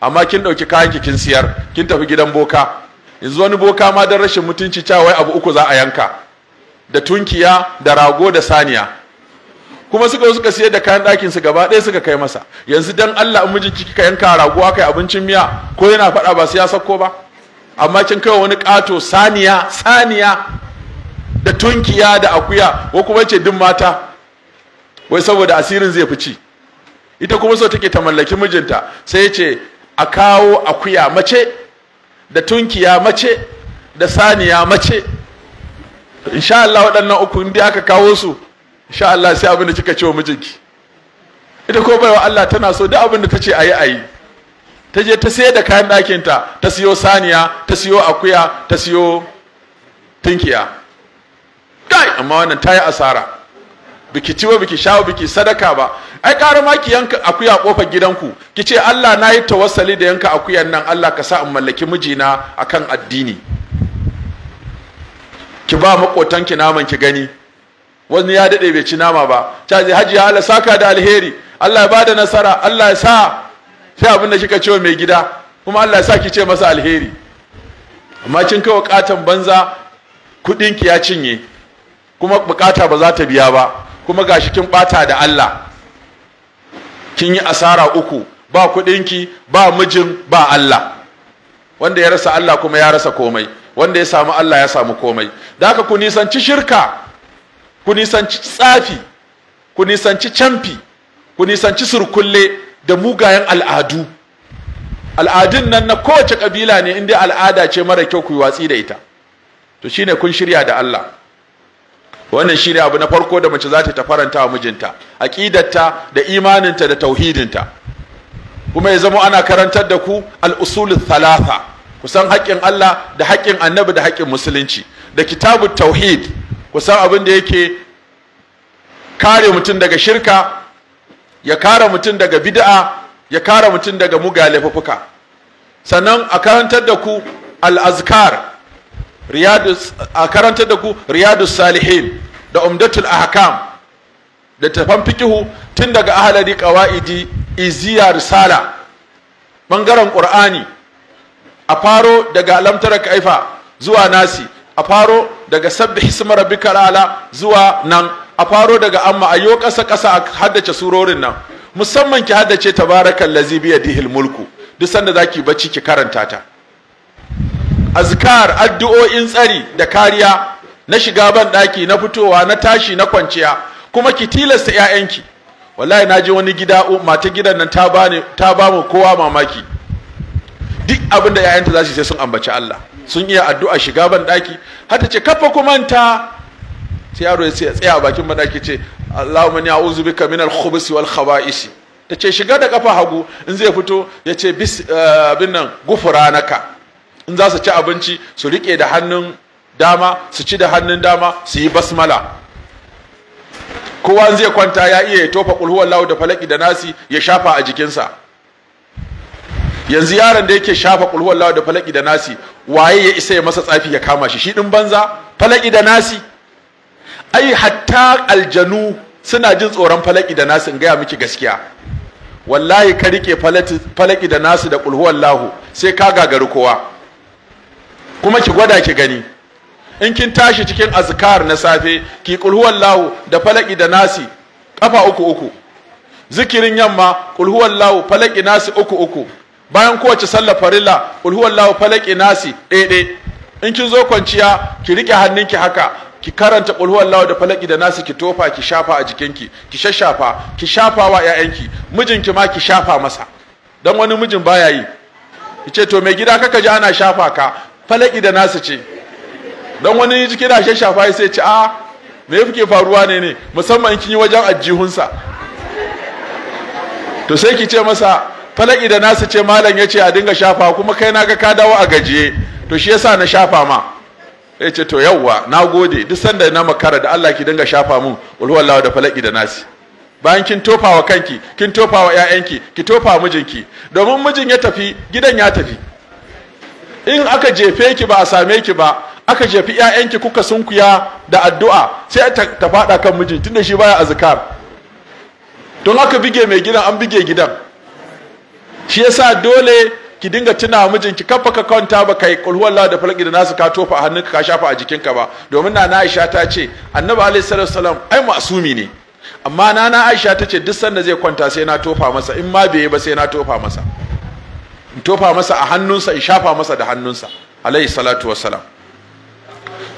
amma kin ɗauki kayan ki kin siyar kin tafi gidan boka yanzu wani boka ma don rashin mutunci cewa abu uku za a yanka da tunkiya da rago da saniya kuma suka suka siyar da kayan ɗakin su gaba ɗaya suka kai masa yanzu dan Allah in mijinki kika yanka rago aka yi abincin miya ko yana faɗa ba su ya sauko ba amma kin kai wani ƙato saniya saniya da tunkiya da akuya ko kuma ce duk mata wai saboda asirin zai fi ci ita kuma so take ta mallaki mijinta sai ya ce a kawo akuya mace da tunkiya mace da saniya mace insha Allah waɗannan uku in aka kawo su insha Allah sai abin da kika ce wa mijinki ita ko baiwa Allah tana so duk abin da ta ce ayi ayi ta je ta sayar da kayan ta ta siyo saniya ta siyo akuya ta siyo tunkiya kai amma wannan ta yi asara biki ci ba biki sha biki sadaka ba ai ƙara ma ki yanka akuya a kofar gidanku ki ce Allah na yi tawassali da yanka akuyan nan Allah ka sa in mallaki mijina akan addini ki ba ki naman ki gani wani ya daɗe bai ci nama ba ta je haji ya saka da alheri Allah ya bada nasara Allah ya sa sai abin da kika ce wa mai gida kuma Allah ya sa ki ce masa alheri amma kin kai katan banza kudin ki ya cinye kuma bukata ba za ta biya ba kuma ga shi kin bata da Allah kin yi asara uku ba kuɗinki ba mijin ba Allah wanda ya rasa Allah kuma ya rasa komai wanda ya samu Allah ya samu komai da haka ku nisanci shirka ku nisanci tsafi ku nisanci camfi ku nisanci surkulle da mugayen al'adu al'adun nan na kowace kabila ne inda al'ada ce mara kyau ku yi watsi da ita to shine kun shirya da Allah wannan shine abu na farko da mace za ta faranta wa mijinta aqidarta da imaninta da tauhidinta kuma ya zama ana karantar da ku al-usulul thalatha kusan haƙƙin Allah da haƙƙin Annabi da haƙƙin musulunci da kitabu tauhid kusan abin da yake kare mutum daga shirka ya kare mutum daga bida'a ya kare mutum daga muga sannan a karantar da ku al-azkar a karanta da ku riyadus salihin da umdatul ahkam da tafan fikihu tun daga ahalari qawaidi iziya risala bangaren qur'ani a faro daga lamtar kaifa zuwa nasi a faro daga sabbi hisma rabbika ala zuwa nan a faro daga amma ayo ƙasa-ƙasa a haddace surorin nan musamman ki haddace tabarakal lazi dihil mulku duk sanda ki bacci ki karanta ta azkar addu'o'in tsari da kariya na shiga ban daki na fitowa na tashi na kwanciya kuma ki tilasta ƴaƴanki wallahi naji wani gida mata gidan nan ta bani ta ba kowa mamaki duk abin da ƴaƴanta za su sai sun ambaci Allah sun iya addu'a shiga ban daki har ta ce kafa kumanta sai yaro ya tsaya a bakin madaki ce Allahumma ni a'udhu bika minal khubusi wal khaba'isi ta ce shiga da kafa hagu in zai fito ya ce bis eh, abin nan gufuranaka in za su ci abinci su riƙe da hannun dama su ci da hannun dama su yi basmala kowa zai kwanta ya iya ya tofa lawo da falaki da nasi ya shafa a jikinsa yanzu yaron da yake shafa lawo da falaki da nasi waye ya isa ya masa tsafi ya kama shi shi din banza falaki da nasi ai hatta aljanu suna jin tsoron falaki da nasi in gaya miki gaskiya wallahi ka rike falaki da nasi da Lahu, sai ka gagari kowa kuma ki gwada ki gani in kin tashi cikin azkar na safe ki huwallahu da falaki da nasi kafa uku uku zikirin yamma huwallahu falaki nasi uku uku bayan kowace sallar farilla huwallahu falaki nasi ɗaiɗai in kin zo kwanciya ki rike hannunki haka ki karanta huwallahu da falaki da nasi ki tofa ki shafa a jikinki ki shashafa ki shafa wa 'ya'yanki mijinki ma ki shafa masa dan wani mijin baya yi ce to mai gida kaka ji ana shafa ka falaki da nasu ce don wani ji kira shi shafa sai ci a ah, me yake faruwa ne ne musamman kin yi wajen ajihunsa to sai ki ce masa falaki da nasu ce malam ya ce a dinga shafa kuma kai na ga ka dawo a gajiye to shi yasa na shafa ma ya ce to yawwa na gode duk sanda na makara da Allah ki dinga shafa mun Walwala da falaki da nasu bayan kin tofa wa kanki kin tofa wa 'ya'yanki ki tofa mijinki domin mijin ya tafi gidan ya tafi in aka jefe ki ba a same ki ba aka jefi ƴaƴanki kuka sunkuya da addu'a sai ta, ta faɗa kan mijin tunda shi baya azkar don aka bige mai gidan an bige gidan shi yasa dole ki dinga tuna mijinki kafa ka kwanta ba kai kul da falaki da nasu ka tofa a hannunka ka shafa a jikinka ba domin na, Aisha ta ce Annabi alaihi salatu wasallam ai masumi ne amma na Aisha ta ce duk sanda zai kwanta sai na tofa masa in ma bai ba sai na tofa masa in tofa masa a hannunsa in shafa masa da hannunsa alayhi salatu wassalam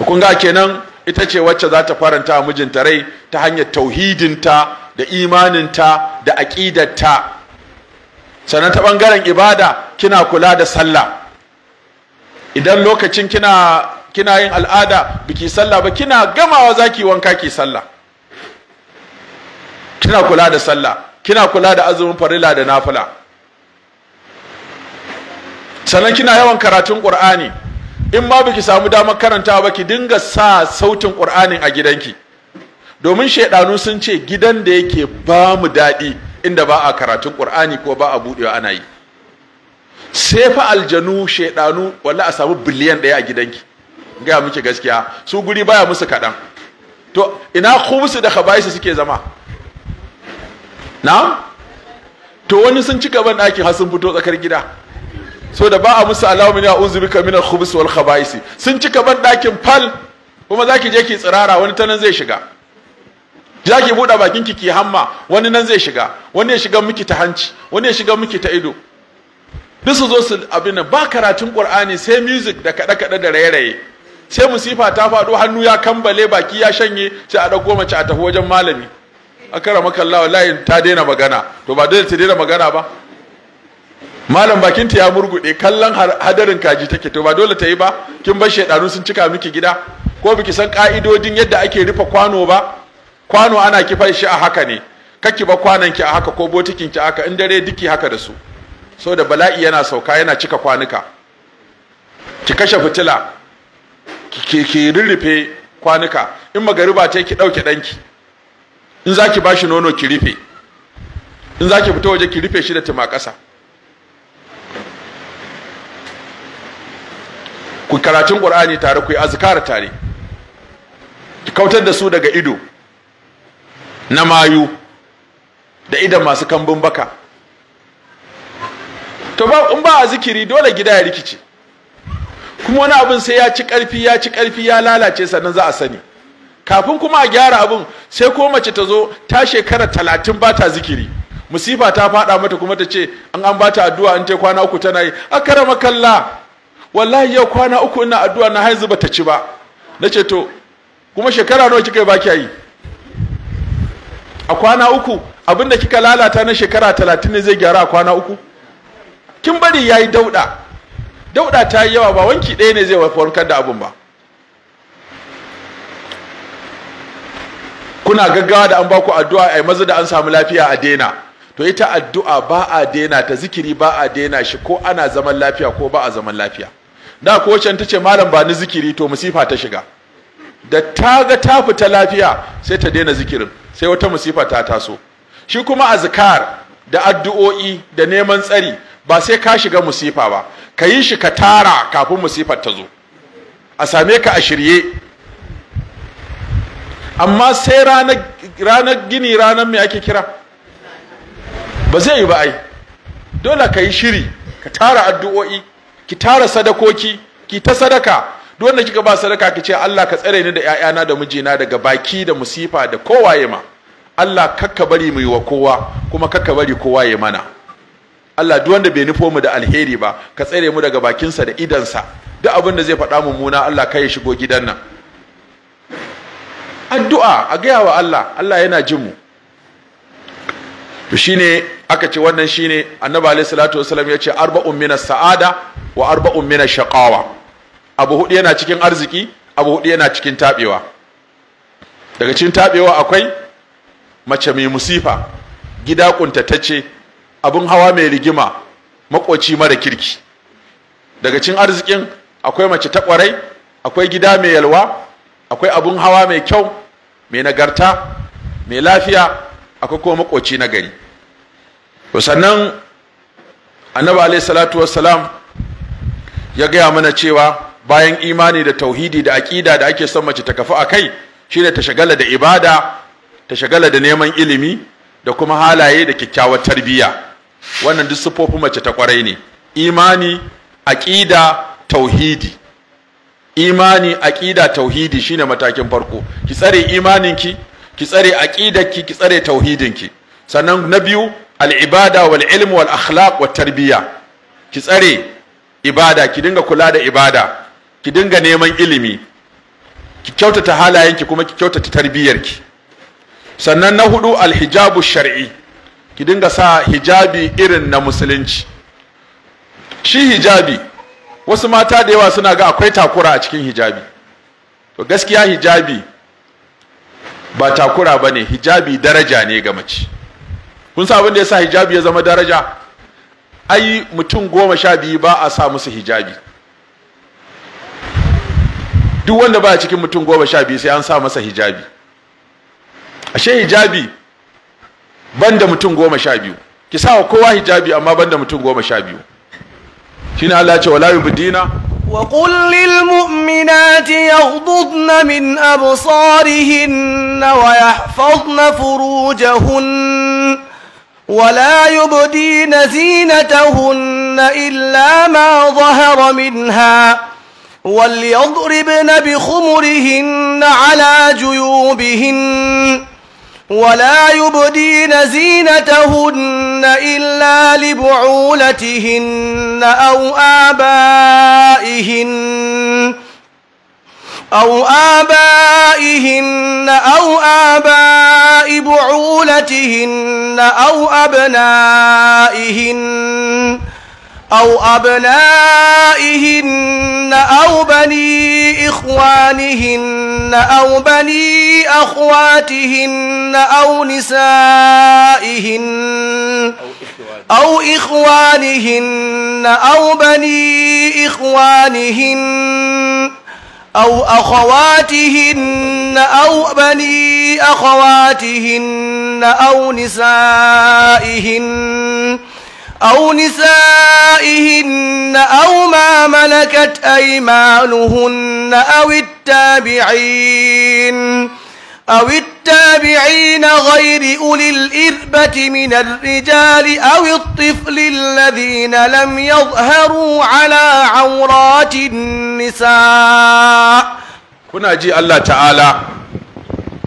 kun ga kenan ita ce wacce za ta faranta mijinta rai ta hanyar tauhidinta da imaninta da aƙidarta sannan ta ɓangaren ibada kina kula da sallah idan lokacin kina yin al'ada biki sallah ba kina gamawa za ki wanka ki sallah kina kula da sallah kina kula da azumin farila da nafila sannan kina yawan karatun ƙur'ani in ma biki samu damar karantawa ba ki dinga sa sautin ƙur'anin a gidanki domin shaidanu sun ce gidan da yake ba mu daɗi inda ba a karatun ƙur'ani ko ba a buɗewa ana yi sai fa aljanu shaidanu walla a samu biliyan ɗaya a gidanki gaya muke gaskiya su guri baya musu kaɗan to ina khubsu da khabaisu suke zama na to wani sun ci gaban ɗakin har sun fito tsakar gida so da ba a musu alamun ya a bi ka minal khubus wal khabaisi sun cika ban dakin fal kuma zaki je ki tsirara wani ta nan zai shiga zaki buɗe bakin ki ki hamma wani nan zai shiga wani ya shiga miki ta hanci wani ya shiga miki ta ido duk su zo su abin ba karatun qur'ani sai music da kada kada da raye-raye sai musifa ta faɗo hannu ya kambale baki ya shanye sai a ɗauko mace a tafi wajen malami akara makallawa layin ta daina magana to ba dole ta daina magana ba malam bakinta ya murgude kallon hadarin kaji take to ba dole ta yi ba kin bar shedanu sun cika miki gida ko biki san ka'idodin yadda ake rufe kwano ba kwano ana kifar shi a haka ne kake ba kwanan ki a haka ko botikin ki a haka in dare duki haka da su so da bala'i yana sauka yana cika kwanuka ki kashe fitila ki ki rurrufe kwanuka in magariba ta ki dauke danki in zaki bashi nono ki rufe in zaki fita waje ki rufe shi da tuma ƙasa ku karatun ƙur'ani tare ku yi azkar tare ki kautar da su daga ido na mayu da idan masu kambun baka to ba in ba a zikiri dole gida ya rikice kuma wani abin sai ya ci karfi ya ci karfi ya lalace sannan za a sani kafin kuma a gyara abin sai ko mace ta zo ta shekara talatin ba ta zikiri musifa ta faɗa mata kuma ta ce an an bata addu'a in ta kwana uku tana yi akara makalla wallahi yau kwana uku ina addu'a na haizu bata ci ba nace to kuma shekara nawa kika baki yi a kwana uku abinda kika lalata na shekara talatin ne zai gyara a kwana uku kin bari yayi dauda dauda ta yi yawa ba wanki ɗaya ne zai warkar da abun ba kuna gaggawa da an baku addu'a ai maza da an samu lafiya a daina to ita addu'a ba a daina ta zikiri ba a daina shi ko ana zaman lafiya ko ba a zaman lafiya da ko wacce ta ce malam ba ni zikiri to musifa ta shiga da ta ga ta fita lafiya sai ta daina zikirin sai wata musifa ta taso shi kuma azkar da addu'o'i da neman tsari ba sai ka shiga musifa ba ka yi shi ka tara kafin musifar ta zo a same ka a shirye amma sai ranar gini ranar mai ake kira ba zai yi ba ai dole ka yi shiri ka tara addu'o'i ki tara sadakoki ki ta sadaka duk wanda kika ba sadaka ki Allah ka tsare ni da ƴaƴana da mijina daga baki da musifa da kowaye ma Allah kakka bari mu yi wa kowa kuma kakka bari kowa ya mana Allah duk wanda bai nufo mu da alheri ba ka tsare mu daga bakinsa da idansa duk abin da zai faɗa mu muna, Allah kai ya shigo gidan nan addu'a a gaya wa Allah Allah yana jin mu to shine aka ce wannan shine annabi alaihi salatu wasallam ya ce arba'un minas sa'ada wa arba'un minas shaqawa abu hudu yana cikin arziki abu hudu yana cikin tabewa daga cikin tabewa akwai mace mai musifa gida kuntatacce abin hawa mai rigima makoci mara kirki daga cikin arzikin akwai mace ta kwarai akwai gida mai yalwa akwai abun hawa mai kyau mai nagarta mai lafiya akwai kuma makoci na gari sannan annabi alaihi salatu wassalam ya gaya mana cewa bayan imani da tauhidi da aƙida da ake son mace ta kafa a kai shine ta shagala da ibada ta shagala da neman ilimi da kuma halaye da kyakkyawar tarbiyya wannan duk siffofin mace ta kwarai ne imani aƙida tauhidi imani aqida tauhidi shine matakin farko ki tsare imaninki ki tsare aƙidarki ki tsare tauhidinki sannan na biyu al'ibada wal ilm wal akhlaq wat tarbiyya ki tsare ibada ki dinga kula da ibada ki dinga neman ilimi ki kyautata halayenki kuma ki kyautata tarbiyyarki sannan na hudu alhijabu shar'i ki dinga sa hijabi irin na musulunci shi hijabi wasu mata da yawa suna ga akwai takura a cikin hijabi to gaskiya hijabi ba takura bane hijabi daraja ne ga mace kun sa abin da ya sa hijabi ya zama daraja ai mutum goma sha biyu ba a sa musu hijabi duk wanda ba cikin mutum goma sha biyu sai an sa masa hijabi ashe hijabi banda mutum goma sha biyu ki sa wa kowa hijabi amma banda mutum goma sha biyu shine Allah ya ce wala yubdina وقل للمؤمنات يغضضن من أبصارهن ويحفظن فروجهن ولا يبدين زينتهن إلا ما ظهر منها وليضربن بخمرهن على جيوبهن ولا يبدين زينتهن إلا لبعولتهن أو آبائهن أو آبائهن أو آباء بعولتهن أو أبنائهن أو أبنائهن أو بني إخوانهن أو بني أخواتهن أو نسائهن أو إخوانهن أو بني إخوانهن أو أخواتهن أو بني أخواتهن أو نسائهن أو نسائهن أو ما ملكت أيمانهن أو التابعين أو التابعين غير أولي الإربة من الرجال أو الطفل الذين لم يظهروا على عورات النساء Kuna جي Allah Ta'ala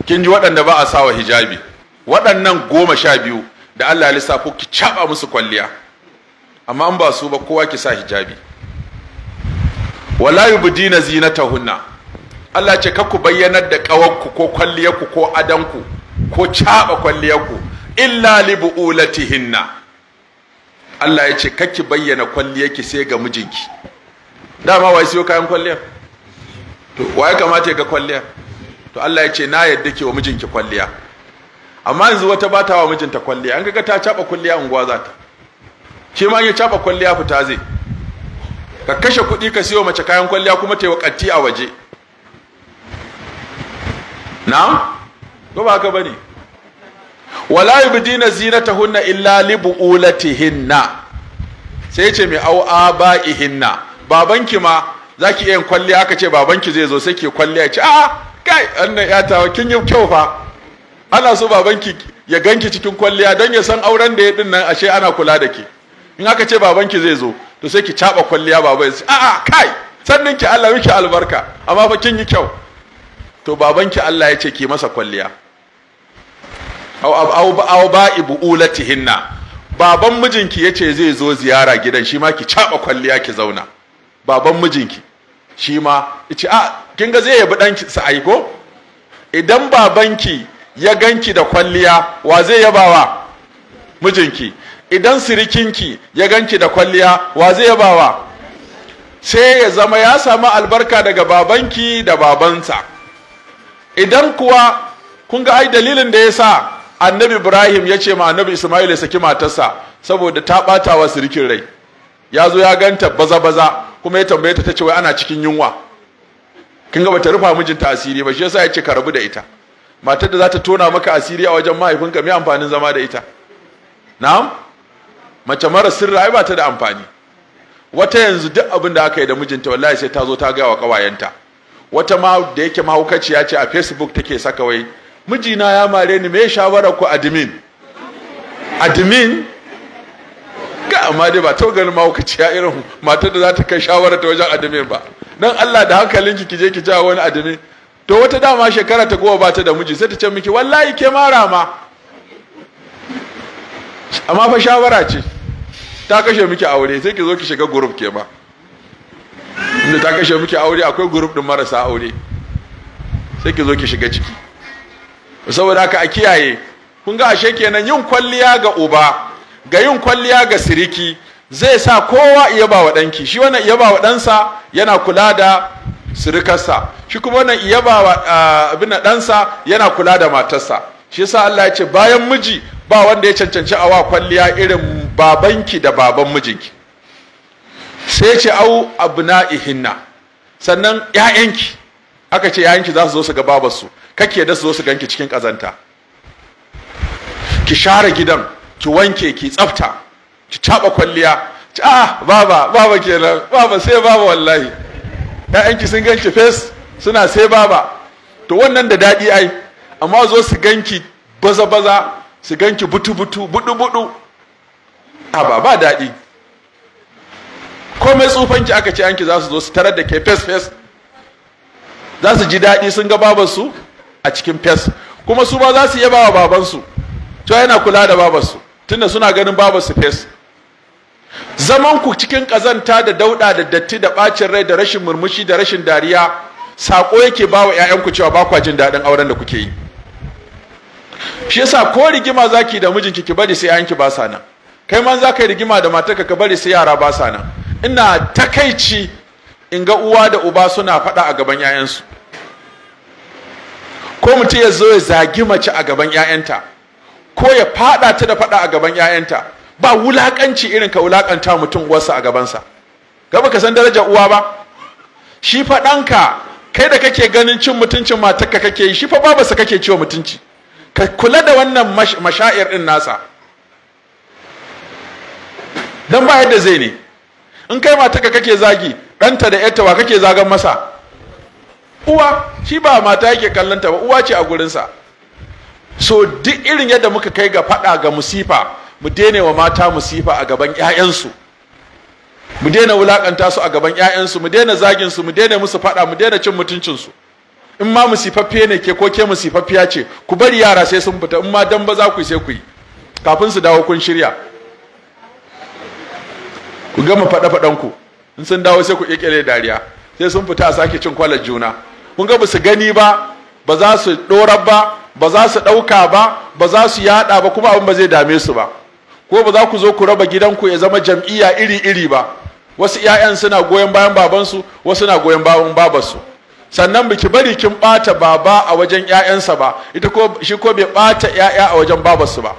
kin ji waɗanda ba a sawa hijabi waɗannan goma sha biyu da Allah ya lissafo ki caɓa musu kwalliya amma an ba su ba kowa ki sa hijabi wala yubdina zinatahunna Allah ce kaku bayyanar da ƙawanku ko kwalliyarku ko adanku ko caɓa kwalliyarku illa li bu'ulatihinna Allah ya ce kakki bayyana kwalliyarki sai ga mijinki dama wai siyo kayan kwalliyar to wai kamata ga kwalliyar to Allah ya ce na yadda ke wa mijinki kwalliya amma yanzu wata ba ta wa mijinta kwalliya an ga ta caɓa kwalliya unguwa za ta ke ma ya caɓa kwalliya fita zai ka kashe kuɗi ka siyo mace kayan kwalliya kuma ta yi wa a waje na ko ba haka bane wala yubdina zinatahunna illa li buulatihinna sai ce mai au abaihinna babanki ma zaki iya kwalli aka ce babanki zai zo sai ke kwalli ya ce a kai annan ya ta kin yi kyau fa ana so babanki ya ganki cikin kwalliya don ya san auren da ya din nan ashe ana kula da ki in aka ce babanki zai zo to sai ki caba kwalliya baba ya ce a kai sannan ki Allah miki albarka amma fa kin yi kyau to babanki Allah ya ce ki masa kwalliya aw aw aw ba'i bu'ulatihinna baban mijinki yace zai zo ziyara gidan shi ma ki caba kwalliya ki zauna baban mijinki shi ma yace a ah, kin ga zai yabi dan sa aiko idan babanki ya ganki da kwalliya wa zai yabawa mijinki idan sirikinki ya ganki da kwalliya wa zai yabawa sai ya zama ya samu albarka daga babanki da babansa idan kuwa kun ga ai dalilin da ya sa annabi ibrahim ya ce ma annabi ismail ya saki matarsa saboda ta ɓata wa sirikin rai ya zo ya ganta baza baza kuma ya tambaye ta tace wai ana cikin yunwa kin ga bata rufa mijinta asiri ba shi yasa ya ce ka rabu da ita matar da za ta tona maka asiri a wajen mahaifinka me amfanin zama da ita na'am mace mara sirra ai ba ta da amfani wata yanzu duk abin da aka yi da mijinta wallahi sai ta zo ta gaya wa kawayenta wata ma da yake mahaukaciya ce a facebook take saka wai mijina ya mare ni me shawara ku admin admin ga amma dai ba taɓa ganin mahaukaciya irin matar da za ta kai shawara ta wajen admin ba dan Allah da hankalinki ki je ki ja wani admin to wata dama shekara ta goma ba ta da miji sai ta ce miki wallahi ke mara ma amma fa shawara ce ta kashe miki aure sai ki zo ki shiga group ke ma inda ta kashe muke aure akwai guruf din marasa aure sai ki zo ki shiga ciki saboda haka a kiyaye kun ga ashe kenan yin kwalliya ga uba ga yin kwalliya ga siriki zai sa kowa iya ba wa ɗanki shi wannan iya ba wa ɗansa yana kula da sirikarsa shi kuma wannan iya ba wa abin ɗansa yana kula da matarsa shi yasa Allah ya ce bayan miji ba wanda ya cancanci awa kwalliya irin babanki da baban mijinki sai ce au ihinna sannan ƴaƴanki aka ce ƴaƴanki za su zo su ga babarsu kake da su zo su ganki cikin kazanta ki share gidan ki wanke ki tsafta ki taba kwalliya ci ah baba baba kenan baba sai baba wallahi ƴaƴanki sun ganki face suna sai baba to wannan da daɗi ai amma zo su ganki baza baza su ganki butu butu budu budu ba ba daɗi komai tsufanki aka ce yanki za su zo su tarar da ke fes fes za su ji daɗi sun ga babansu a cikin fes kuma su ba za su yaba wa babansu to yana kula da babansu tunda suna ganin babansu fes zaman ku cikin kazanta da dauɗa da datti da bacin rai da rashin murmushi da rashin dariya sako yake ba wa 'ya'yanku cewa ba jin daɗin auren da kuke yi shi yasa ko rigima zaki da mijinki ki bari sai 'ya'yanki ba sa nan kai man za ka yi rigima da matarka ka bari sai yara ba sa nan ina takaici in ga uwa da uba suna faɗa a gaban 'ya'yansu ko mutum ya zo ya zagi mace a gaban 'ya'yanta ko ya faɗa ta da faɗa a gaban 'ya'yanta ba wulakanci irin ka wulakanta mutum wasu a gabansa ga ka san darajar uwa ba shi faɗanka kai da kake ganin cin mutuncin matarka kake yi shi fa babarsa kake ciwo mutunci ka kula da wannan masha'ir ɗin nasa Dan ba yadda zai ne in kai mataka kake zagi ɗanta da yarta wa kake zagan masa uwa shi ba mata yake kallonta ba uwa ce a gurinsa so duk irin yadda muka kai ga faɗa ga musifa mu daina wa mata musifa a gaban 'ya'yansu mu daina wulakanta su a gaban 'ya'yansu mu daina zagin su mu daina musu faɗa mu daina cin mutuncinsu in ma musifaffe ne ke ko ke musifaffiya ce ku bari yara sai sun fita in ma dan ba za ku yi sai ku yi kafin su dawo kun shirya ku gama faɗa ku. in sun dawo sai ku ƙirƙire dariya sai sun fita a sake cin kwalar juna kun ga su gani ba ba za su ɗora ba ba za su ɗauka ba ba za su yaɗa ba kuma abin ba zai dame su ba ko ba za ku zo ku raba gidanku ya zama jam'iyya iri-iri ba wasu 'ya'yan suna goyon bayan babansu wasu na goyon bayan babarsu sannan biki bari kin ɓata baba a wajen 'ya'yansa ba ita ko shi ko bai ɓata 'ya'ya a wajen babarsu ba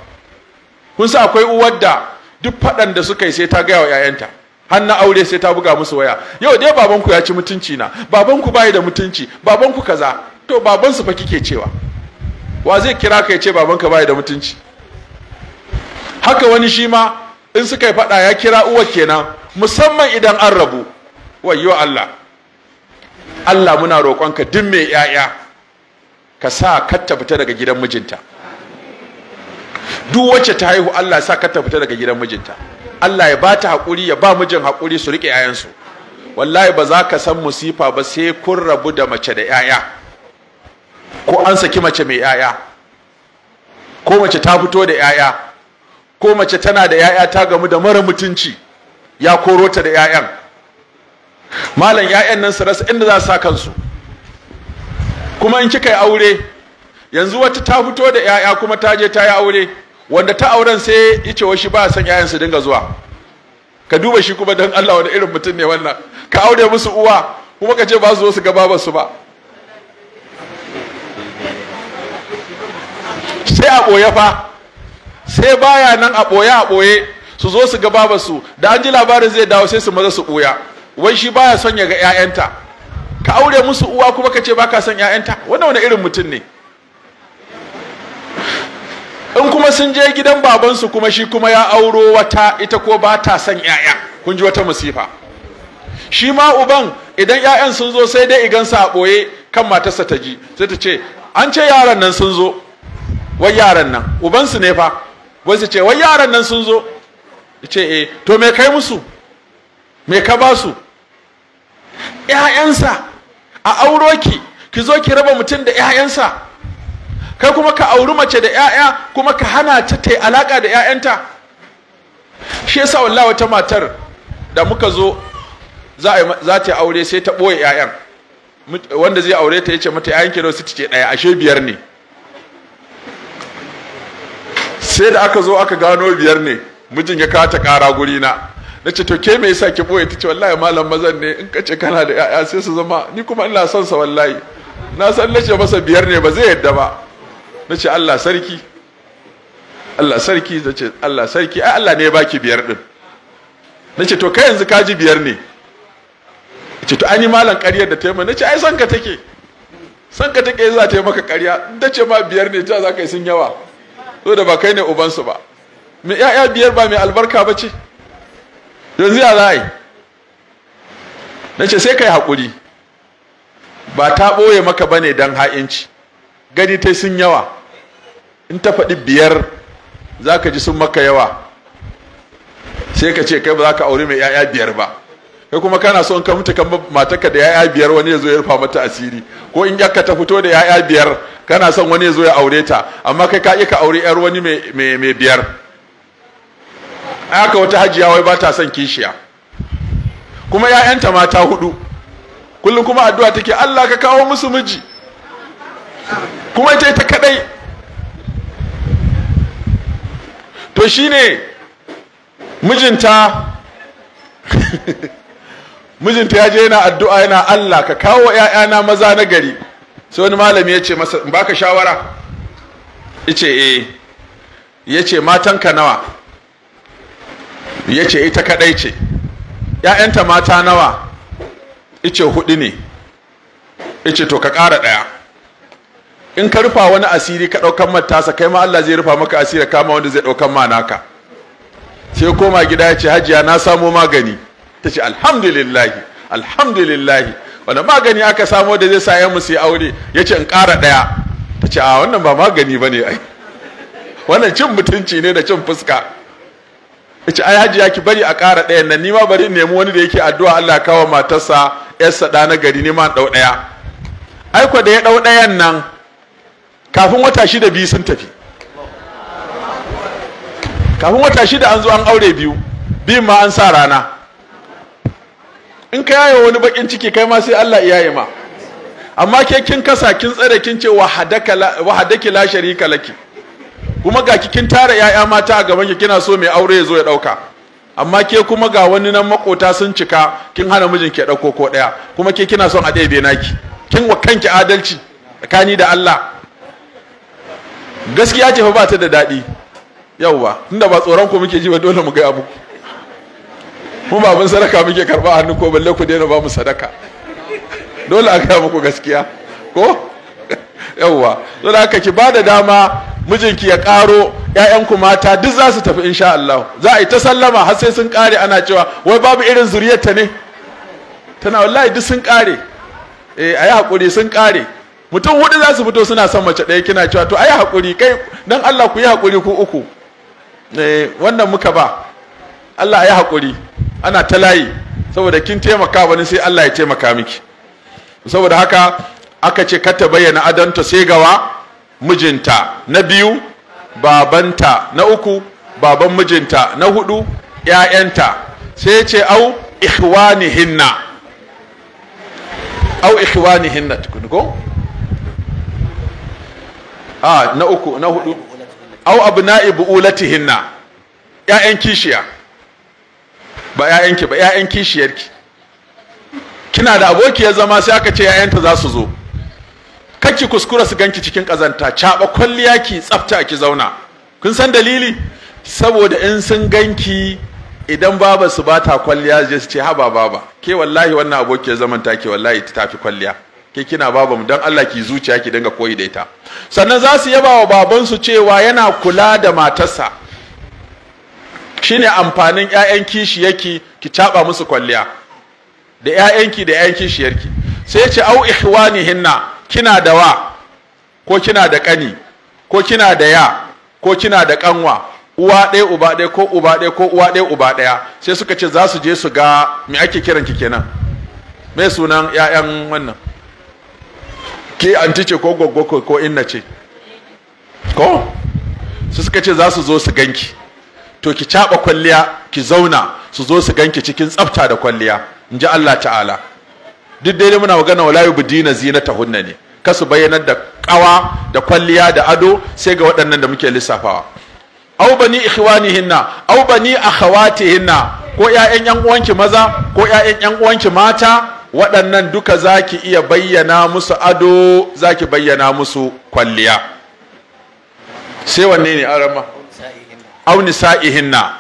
kun sa akwai uwar da duk faɗan da suka yi sai ta gaya wa 'ya'yanta har aure sai ta buga musu waya yau dai babanku ya ci mutunci na babanku bayi da mutunci babanku kaza to babansu fa kike cewa wa zai kira ka ce babanka bayi da mutunci haka wani shi ma in suka yi faɗa ya kira uwa kenan musamman idan an rabu wayyo Allah Allah muna roƙonka duk mai 'ya'ya ka sa ta fita daga gidan mijinta duk wacce ta haihu Allah ya sa ka ta fita daga gidan mijinta Allah ya bata hakuri ya ba mijin hakuri su rike yayansu wallahi ba za ka san musifa ba sai kun rabu da mace da yaya ko an saki mace mai yaya ko mace ta fito da yaya ko mace tana da yaya ta gamu da mara mutunci ya koro ta da yayan malam yayan nan su rasa inda za su sa kansu kuma in kika yi aure yanzu wata ta fito da yaya kuma ta je ta yi aure wanda ta auren sai ya ce shi ba son 'ya'yansu su dinga zuwa ka duba shi kuma don Allah wani irin mutum ne wannan ka aure musu uwa kuma ka ce ba su zo su ga babarsu ba sai a ɓoye fa sai baya nan a ɓoye a ɓoye su zo su ga babarsu da an ji labarin zai dawo sai su maza su ɓoya wai shi baya son ya ga 'ya'yanta ka aure musu uwa kuma ka ce ba ka son 'ya'yanta wannan wani irin mutum ne in kuma sun je gidan babansu kuma shi kuma ya auro wata ita ko ba ta son 'ya'ya kun ji wata musifa shi ma uban idan 'ya'yan sun zo sai dai igansa a ɓoye kan matarsa ta ji sai ta ce an ce yaran nan sun zo wai yaran nan ubansu ne fa wai su ce wai yaran nan sun zo ce e to me kai musu me ka ba su 'ya'yansa a auro ki ki zo ki raba mutum da 'ya'yansa. kai kuma ka auri mace da 'ya'ya kuma ka hana ta ta alaka da 'ya'yanta shi yasa wallahi wata matar da muka zo za ta aure sai ta ɓoye 'ya'yan wanda zai aure ta yace mata 'ya'yan kilo su ce ɗaya ashe biyar ne sai da aka zo aka gano biyar ne mijin ya kawo ta ƙara guri na na ce to ke me yasa ki boye tace wallahi malam mazan ne in kace kana da 'ya'ya sai su zama ni kuma ina son sa wallahi na san nace masa biyar ne ba zai yadda ba na ce Allah sarki Allah sarki na ce Allah sarki ai Allah ne ya baki biyar din na ce to kai yanzu kaji biyar ne ce to an yi malam ƙaryar da taimaka na ce ai sanka take sanka take za ta yi maka ƙarya da ce ma biyar ne ta za ka yi sun yawa so da ba kai ne ubansu ba mai ya'ya biyar ba mai albarka ba ce yanzu ya za yi na ce sai ka yi haƙuri ba ta ɓoye maka ba ne don ha'inci gani ta sun yawa in ta faɗi biyar za ka ji sun maka yawa sai ka ce kai ba za ka aure mai 'ya'ya biyar ba kai kuma kana so ka mutu kan matarka da 'ya'ya biyar wani ya zo ya rufa mata asiri ko in yakka ta fito da 'ya'ya biyar kana son wani ya zo ya aure ta amma kai ka iya ka aure 'yar wani mai biyar aka wata hajiya wai ba ta son kishiya kuma 'ya'yanta mata hudu kullum kuma addu'a take Allah ka kawo musu miji kuma ita ita kadai to shi ne mijinta mijinta ya je yana addu'a yana Allah ka kawo ‘ya'yana maza na gari sai wani malami ya ce masa baka shawara ce eh ya ce matanka nawa ya ce ita kaɗai ce ‘ya'yanta mata nawa ce hudu ne ce to ka ƙara ɗaya in ka rufa wani asiri ka ɗaukan matasa kai ma Allah zai rufa maka asiri kama wanda zai ɗaukan ma naka sai koma gida ya ce hajiya na samo magani ta ce alhamdulillah alhamdulillah wanda magani aka samo da zai sa yan musu aure ya ce in ƙara ɗaya ta ce a wannan ba magani ba ne ai wannan cin mutunci ne da cin fuska ya ce ai hajiya ki bari a ƙara ɗayan nan ni ma bari in nemi wani da yake addu'a Allah kawo matarsa yarsa ɗa na gari ne ma ɗau ɗaya ai da ya ɗau ɗayan nan kafin wata shida biyu sun tafi kafin wata shida an zo an aure biyu biyun ma an sa rana in ka yaye wani bakin ciki kai ma sai Allah yi ma amma ke kin kasa kin tsare kin ce hadaki la sharika laki kuma ga kin tara yaya mata a gaban ki kina so mai aure ya zo ya dauka amma ke kuma ga wani nan makota sun cika kin hana mijin ya dauko ko daya kuma ke kina son a daibe naki kin wa kanki adalci tsakani da Allah gaskiya ce fa ba ta da daɗi yauwa tunda ba tsoron ku muke ji ba dole mu gaya muku mu ba mun sadaka muke karba hannu ko balle ku daina ba mu sadaka dole a gaya muku gaskiya ko yauwa dole haka ki ba da dama mijinki ya karo ƴaƴanku mata duk za su tafi insha Allah za a yi ta sallama har sai sun kare ana cewa wai babu irin ta ne tana wallahi duk sun kare eh ayi hakuri sun kare mutum hudu za su fito suna son mace ɗaya kina cewa to ai haƙuri kai dan Allah ku yi haƙuri ku uku eh, wannan muka ba Allah ya haƙuri ana ta layi saboda kin taimaka wani sai Allah ya taimaka miki saboda haka aka ce ka ta bayyana adanta sai gawa mijinta na biyu babanta na uku baban mijinta na hudu ‘ya'yanta sai ce au ikhwanihinna au ikhwanihinna a ah, na uku na hudu au abna'i bu'ulatihinna Ya'yan kishiya ba ya'yan ki ba ya'yan kishiyar ki kina da ya zama sai aka ce ya'yanta za su zo ki kuskura su ganki cikin kazanta caba kwalliya ki tsafta ki zauna kun san dalili saboda in sun ganki idan baba su bata kwalliya je su ce haba baba ke wallahi wannan abokiyar zaman take wallahi ta tafi kwalliya ke kina mu don Allah ki zuciya ki dinga koyi da ita sannan za su yaba wa babansu cewa yana kula da matarsa shine amfanin 'ya'yan kishi yake ki caɓa musu kwalliya da 'ya'yanki da 'ya'yan kishiyarki sai ce au hinna kina da wa ko kina da ƙani ko kina da ya ko kina da ƙanwa uwa ɗaya uba ɗaya ko uba ɗaya ko uwa ɗaya uba ɗaya sai suka ce za su je su ga me ake kiranki kenan me sunan 'ya'yan wannan ki an ce ko goggo ko ko inna ce ko su suka ce za su zo su ganki to ki caba kwalliya ki zauna su zo su ganki cikin tsafta da kwalliya in ji Allah ta'ala duk dai muna magana wala zinata hunna ne su bayyanar da kawa da kwalliya da ado sai ga waɗannan da muke lissafawa au bani ikhwanihinna au bani akhawatihinna ko ƴaƴan ƴan uwanki maza ko ƴaƴan yan uwanki mata waɗannan duka za ki iya bayyana musu ado za ki bayyana musu kwalliya sai wanne ne arama auni sa'ihinna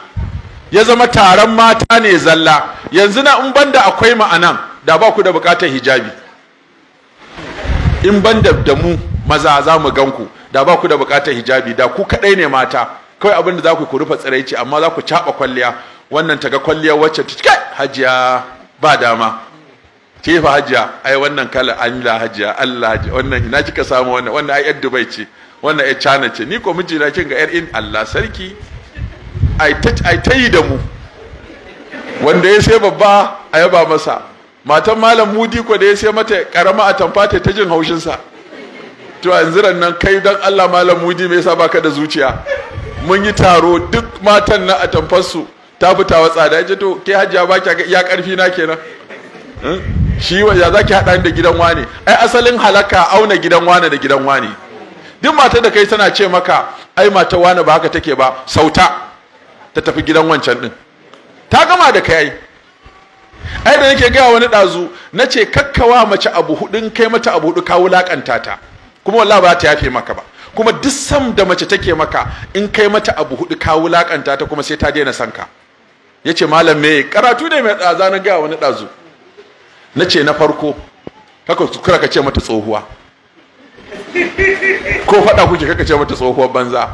ya zama taron mata ne zalla yanzu na in banda akwai ma'anan da ba ku da buƙatar hijabi in banda da mu maza za mu ganku da ba ku da buƙatar hijabi da ku kaɗai ne mata kawai abin da za ku rufe tsiraici amma za ku caɓa kwalliya wannan taga kwalliyar wacce ta hajiya ba dama kefa hajiya ai wannan kala an la hajiya Allah hajiya wannan ina kika samu wannan wannan ai yar Dubai ce wannan ai China ce ni ko mijina kin ga yar in Allah sarki ai ta ai tayi da mu wanda ya sai babba a yaba masa matan malam mudi ko da ya sai mata karama a tamfa ta jin haushin sa to yanzu nan kai dan Allah malam mudi me yasa baka da zuciya mun yi taro duk matan na a tamfar su ta fitawa tsada ya to ke hajiya ba ki ga iya karfi na kenan hmm? shi ya zaki hada da gidan wane ai asalin halaka auna gidan wane da gidan wane duk matar da kai tana ce maka ai mata wane ba haka take ba sauta ta tafi gidan wancan din ta gama da kai ai da nake gaya wani dazu na ce kakkawa mace abu hudun kai mata abu hudu ka wulakanta ta kuma wallahi ba ta yafe maka ba kuma duk sam da mace take maka in kai mata abu hudu ka wulakanta ta kuma sai ta daina sanka yace malam me karatu ne mai tsaza na gaya wani ɗazu. na ce na farko su kuskura ka ce mata tsohuwa ko faɗa kuke kaka ce mata tsohuwar banza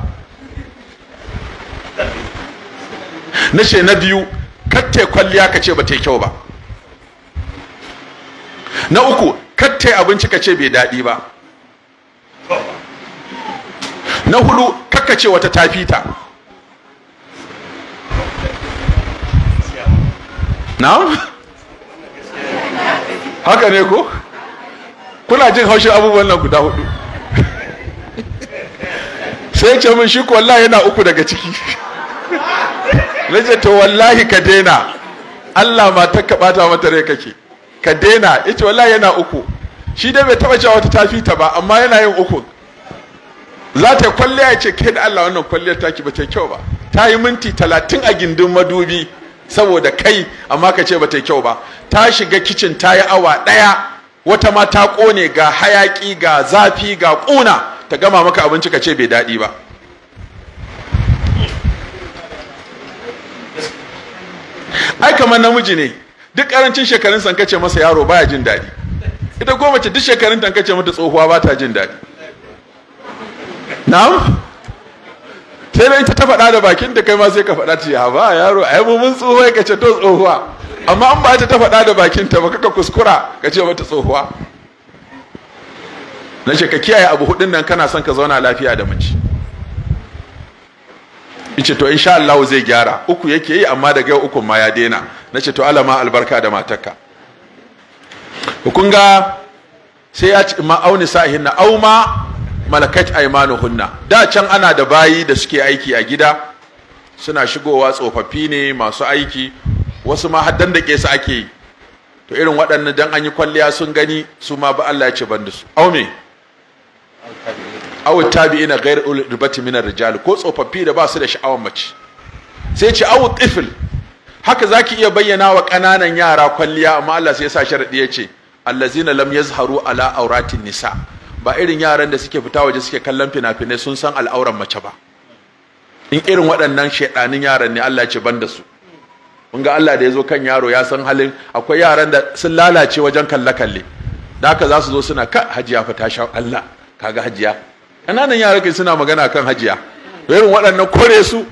na ce na biyu katte kwalliya ka ce ba ta yi kyau ba na uku katte abinci ka ce bai daɗi ba na hudu kaka ce wata tafita na haka ne ko kuna jin haushin abubuwan nan guda hudu sai ce min shi wallahi yana uku daga ciki nace to wallahi ka daina Allah ma ta ka mata rai kake ka daina ita wallahi yana uku shi dai bai taba cewa wata tafi ta ba amma yana yin uku za ta kwalliya ce kai da Allah wannan kwalliyar taki ba ta kyau ba ta yi minti talatin a gindin madubi saboda kai amma ka ce ba ta kyau ba ta shiga kicin ta yi awa ɗaya wata ma ta ƙone ga hayaƙi ga zafi ga ƙuna ta gama maka abinci ka ce bai daɗi ba ai kamar namiji ne duk ƙarancin shekarun san kace masa yaro baya jin daɗi ita goma ce duk shekarun tan kace mata tsohuwa bata jin daɗi na'am sai dai ita ta faɗa da bakin da kai ma sai ka faɗa ta ya ba yaro ai mu mun tsohuwa ka ce to tsohuwa amma an ba ta ta faɗa da bakin ta ba kaka kuskura ka ce mata tsohuwa na ce ka kiyaye abu hudun nan kana son ka zauna lafiya da mace ce to insha Allah zai gyara uku yake yi amma daga yau uku ma ya daina na ce to alama albarka da matarka kun ga sai ya ci ma auni na auma malakat hunna da can ana da bayi da suke aiki a gida suna shigowa tsofaffi ne masu aiki wasu ma haddan da su ake yi to irin waɗannan dan an yi kwalliya sun gani su ma ba Allah ya ce ban da su aw me aw tabi'ina ghayr ul min ar-rijal ko tsofaffi da ba su da sha'awar mace sai ce aw qifl haka zaki iya bayyana wa kananan yara kwalliya amma Allah sai ya sa sharadi ya ce allazina lam yazharu ala auratin nisa' ba irin yaran da suke fita waje suke kallon fina-finai sun san al'auran mace ba in irin waɗannan shaidanin yaran ne Allah ce ban da su mun ga Allah da ya zo kan yaro ya san halin akwai yaran da sun lalace wajen kalle-kalle da haka za su zo suna ka hajiya fa ta sha Allah kaga hajiya ƙananan yaran kai suna magana kan hajiya irin waɗannan kore su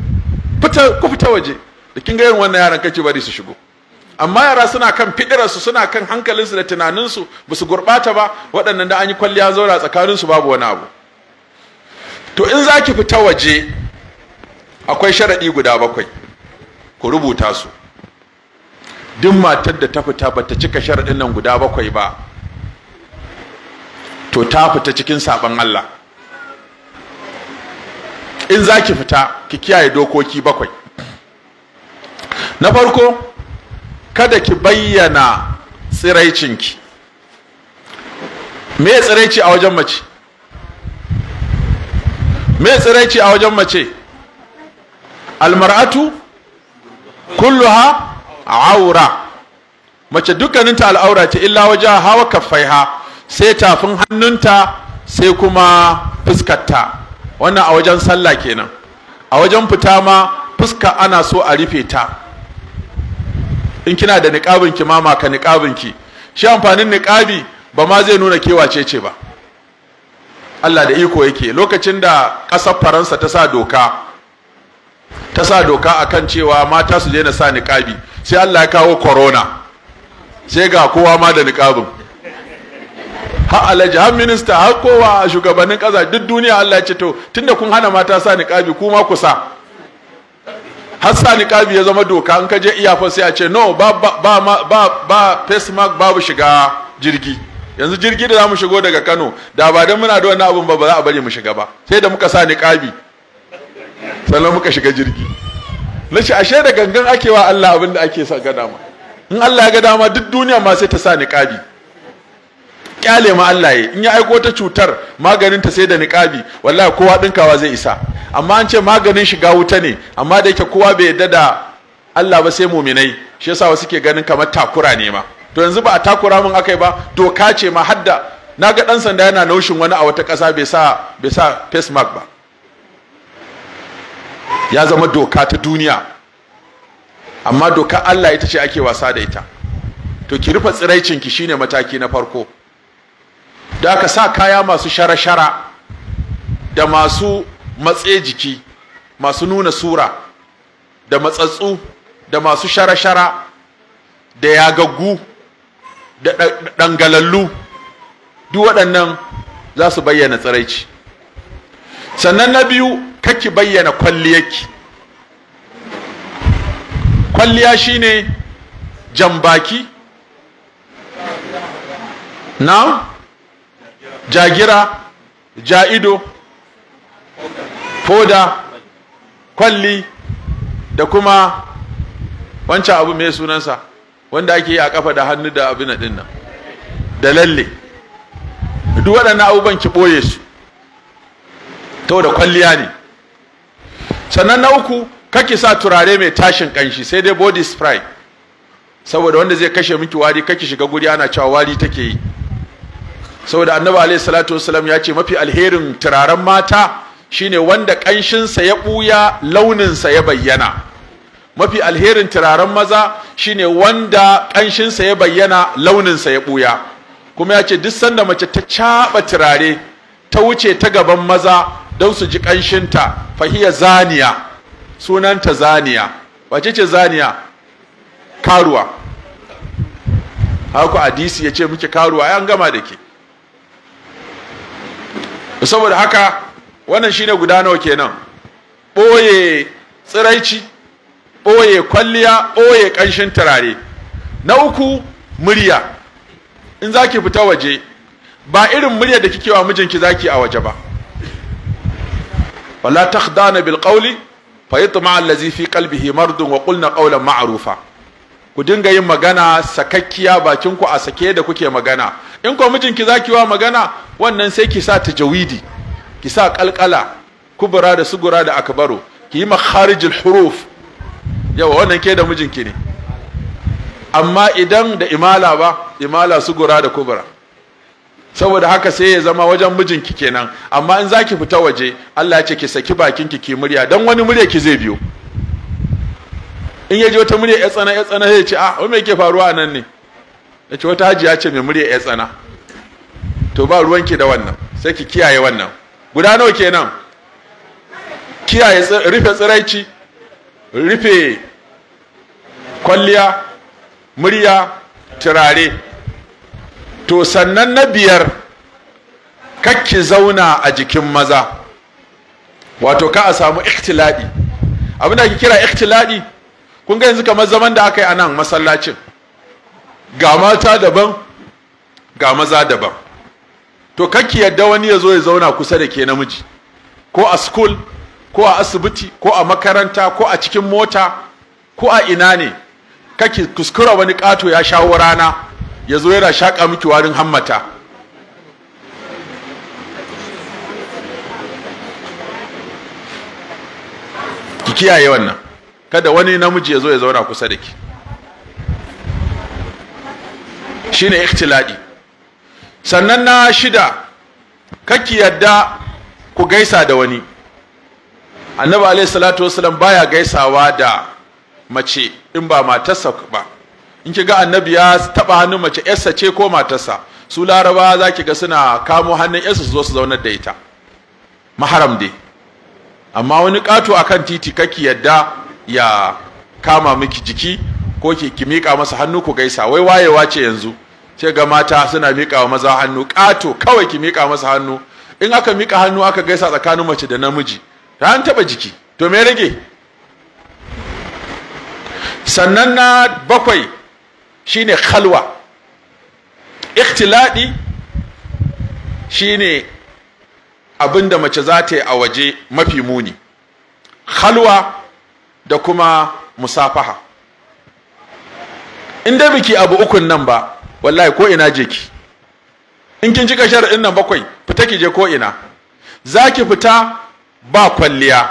fita ku fita waje da kin ga irin wannan yaran kace bari su shigo amma yara suna kan fiɗirarsu suna kan hankalinsu da tunaninsu ba su gurɓata ba waɗannan da an yi kwalliya zauna tsakaninsu babu wani abu to in za ki fita waje akwai sharaɗi guda bakwai ku rubuta su duk matar da ta fita ba ta cika sharaɗin nan guda bakwai ba to ta fita cikin saɓon Allah in za ki fita ki kiyaye dokoki bakwai na farko kada ki bayyana tsiraicinki me tsiraici a wajen mace me tsiraici a wajen mace almar'atu kulluha aura mace dukkaninta al'aura ce illa waje hawa ha, sai tafin hannunta sai kuma fuskarta wannan a wajen sallah kenan a wajen fita ma fuska ana so a rufe ta in kina da niƙabin ki mama ka niƙabin ki shi amfanin niqabi ba ma zai nuna kewace ce ba Allah da iko yake lokacin da ƙasar Faransa ta sa doka ta sa doka akan cewa mata su je na sa niqabi sai Allah ya kawo corona sai ga kowa ma da niqabin ha alhaji har minista har kowa shugabannin ƙasa duk duniya Allah ya ce to tunda kun hana mata sa niqabi kuma ku sa har sa niqabi ya zama doka an kaje iyafa sai a ce no ba ba ba ba face mark babu shiga jirgi yanzu jirgi da zamu shigo daga Kano da ba dan muna da wannan abun ba ba za a bari mu shiga ba sai da muka sa niqabi sannan muka shiga jirgi lashi ashe da gangan ake wa Allah abin da ake sa ga dama in Allah ya ga dama duk duniya ma sai ta sa niqabi kyale ma Allah ya in ya aiko ta cutar maganin ta sai da niqabi wallahi kowa kawa zai isa amma an ce maganin shiga wuta ne amma da yake kowa bai yadda da Allah ba sai muminai shi yasa wasu ke ganin kamar takura ne ma to yanzu ba a takura mun akai ba doka ce ma hadda naga dan sanda yana naushin wani a wata kasa bai sa bai sa face mask ba ya zama doka ta duniya amma doka Allah ita ce ake wasa da ita to ki rufe ki shine mataki na farko da aka sa kaya masu shara-shara da masu matse jiki masu nuna sura da matsatsu da masu shara-shara da yagaggu da ɗangalallu duk waɗannan za su bayyana tsiraici sannan na biyu kake bayyana kwalliyarki kwalliya shine baki na jagira ja'ido foda kwalli da kuma wancan abu mai sunansa wanda ake yi a kafa da hannu da abin din nan da lalle duk waɗannan abubuwan ki ɓoye su to da kwalliya ne sannan na uku kake sa turare mai tashin kanshi sai dai body spray saboda wanda zai kashe miki wari kake shiga guri ana cewa wari take yi saboda annabi alayhi salatu wasalam ya ce mafi alherin turaren mata shine wanda ƙanshinsa ya buya launinsa ya bayyana mafi alherin turaren maza shine wanda ƙanshinsa ya bayyana launinsa ya buya kuma ya ce duk sanda mace ta caɓa turare ta wuce ta gaban maza don su ji ta fahiya zaniya sunanta zaniya wace ce zaniya karuwa haka hadisi ya ce muke karuwa an gama da ke saboda haka wannan shine guda nawa kenan ɓoye tsiraici ɓoye kwalliya ɓoye kanshin turare na uku murya in zaki fita waje ba irin murya da kike wa mijinki zaki a waje ba wala takhdana bil qawli fa yatma allazi fi qalbihi mardun wa qulna qawlan ma'rufa ku dinga yin magana sakakkiya bakin ku a sake da kuke magana in ko mijinki zaki wa magana wannan sai ki sa tajawidi ki sa kalkala kubra da sugura da akbaru ki yi makharijul huruf yawa wannan ke da mijinki ne amma idan da imala ba imala sugura da kubra saboda haka sai ya zama wajen mijinki kenan amma in zaki fita waje Allah ya ce ki saki bakinki ki murya dan wani murya ki zai biyo in ya ji wata murya ya tsana ya tsana sai ya ce ah wai me yake faruwa nan ne ya ce wata hajiya ce mai murya ya tsana to ba ruwanki da wannan sai ki kiyaye wannan guda nawa kenan kiyaye rufe tsiraici rufe kwalliya murya turare to sannan na biyar kakki zauna a jikin maza wato ka a samu ikhtiladi abinda da ake kira ikhtiladi kun ga yanzu kamar zaman da aka yi a nan masallacin ga mata daban ga maza daban to kake yadda wani ya zo ya zauna kusa da ke namiji ko a school ko a asibiti ko a makaranta ko a cikin mota ko a ina ne kake kuskura wani kato ya sha rana ya zo yana shaƙa miki warin hammata ki kiyaye wannan kada wani namiji ya zo ya zauna kusa da ke. shine ikhtiladi sannan na shida kaki yadda ku gaisa da wani annabi alaihi salatu wasalam baya gaisawa da mace in ba matarsa ba in ki ga annabi ya taba hannun mace yarsa ce ko matarsa su laraba za ki ga suna kamo hannun yarsa su zo su zaunar da ita maharam dai amma wani kato akan titi kaki yadda ya kama miki jiki ko ki miƙa masa hannu ku gaisa wai wayewa ce yanzu sai ga mata suna miƙa wa maza hannu ƙato kawai ki miƙa masa hannu in aka miƙa hannu aka gaisa tsakanin mace da namiji ta an taɓa jiki to me rage sannan na bakwai shine khalwa ikhtiladi shine abinda mace za ta yi a waje mafi muni khalwa da kuma musafaha in da biki abu ukun nan ba wallahi ko ina je ki in kin ji kashar ɗin nan bakwai fita ki je ko ina za ki fita ba kwalliya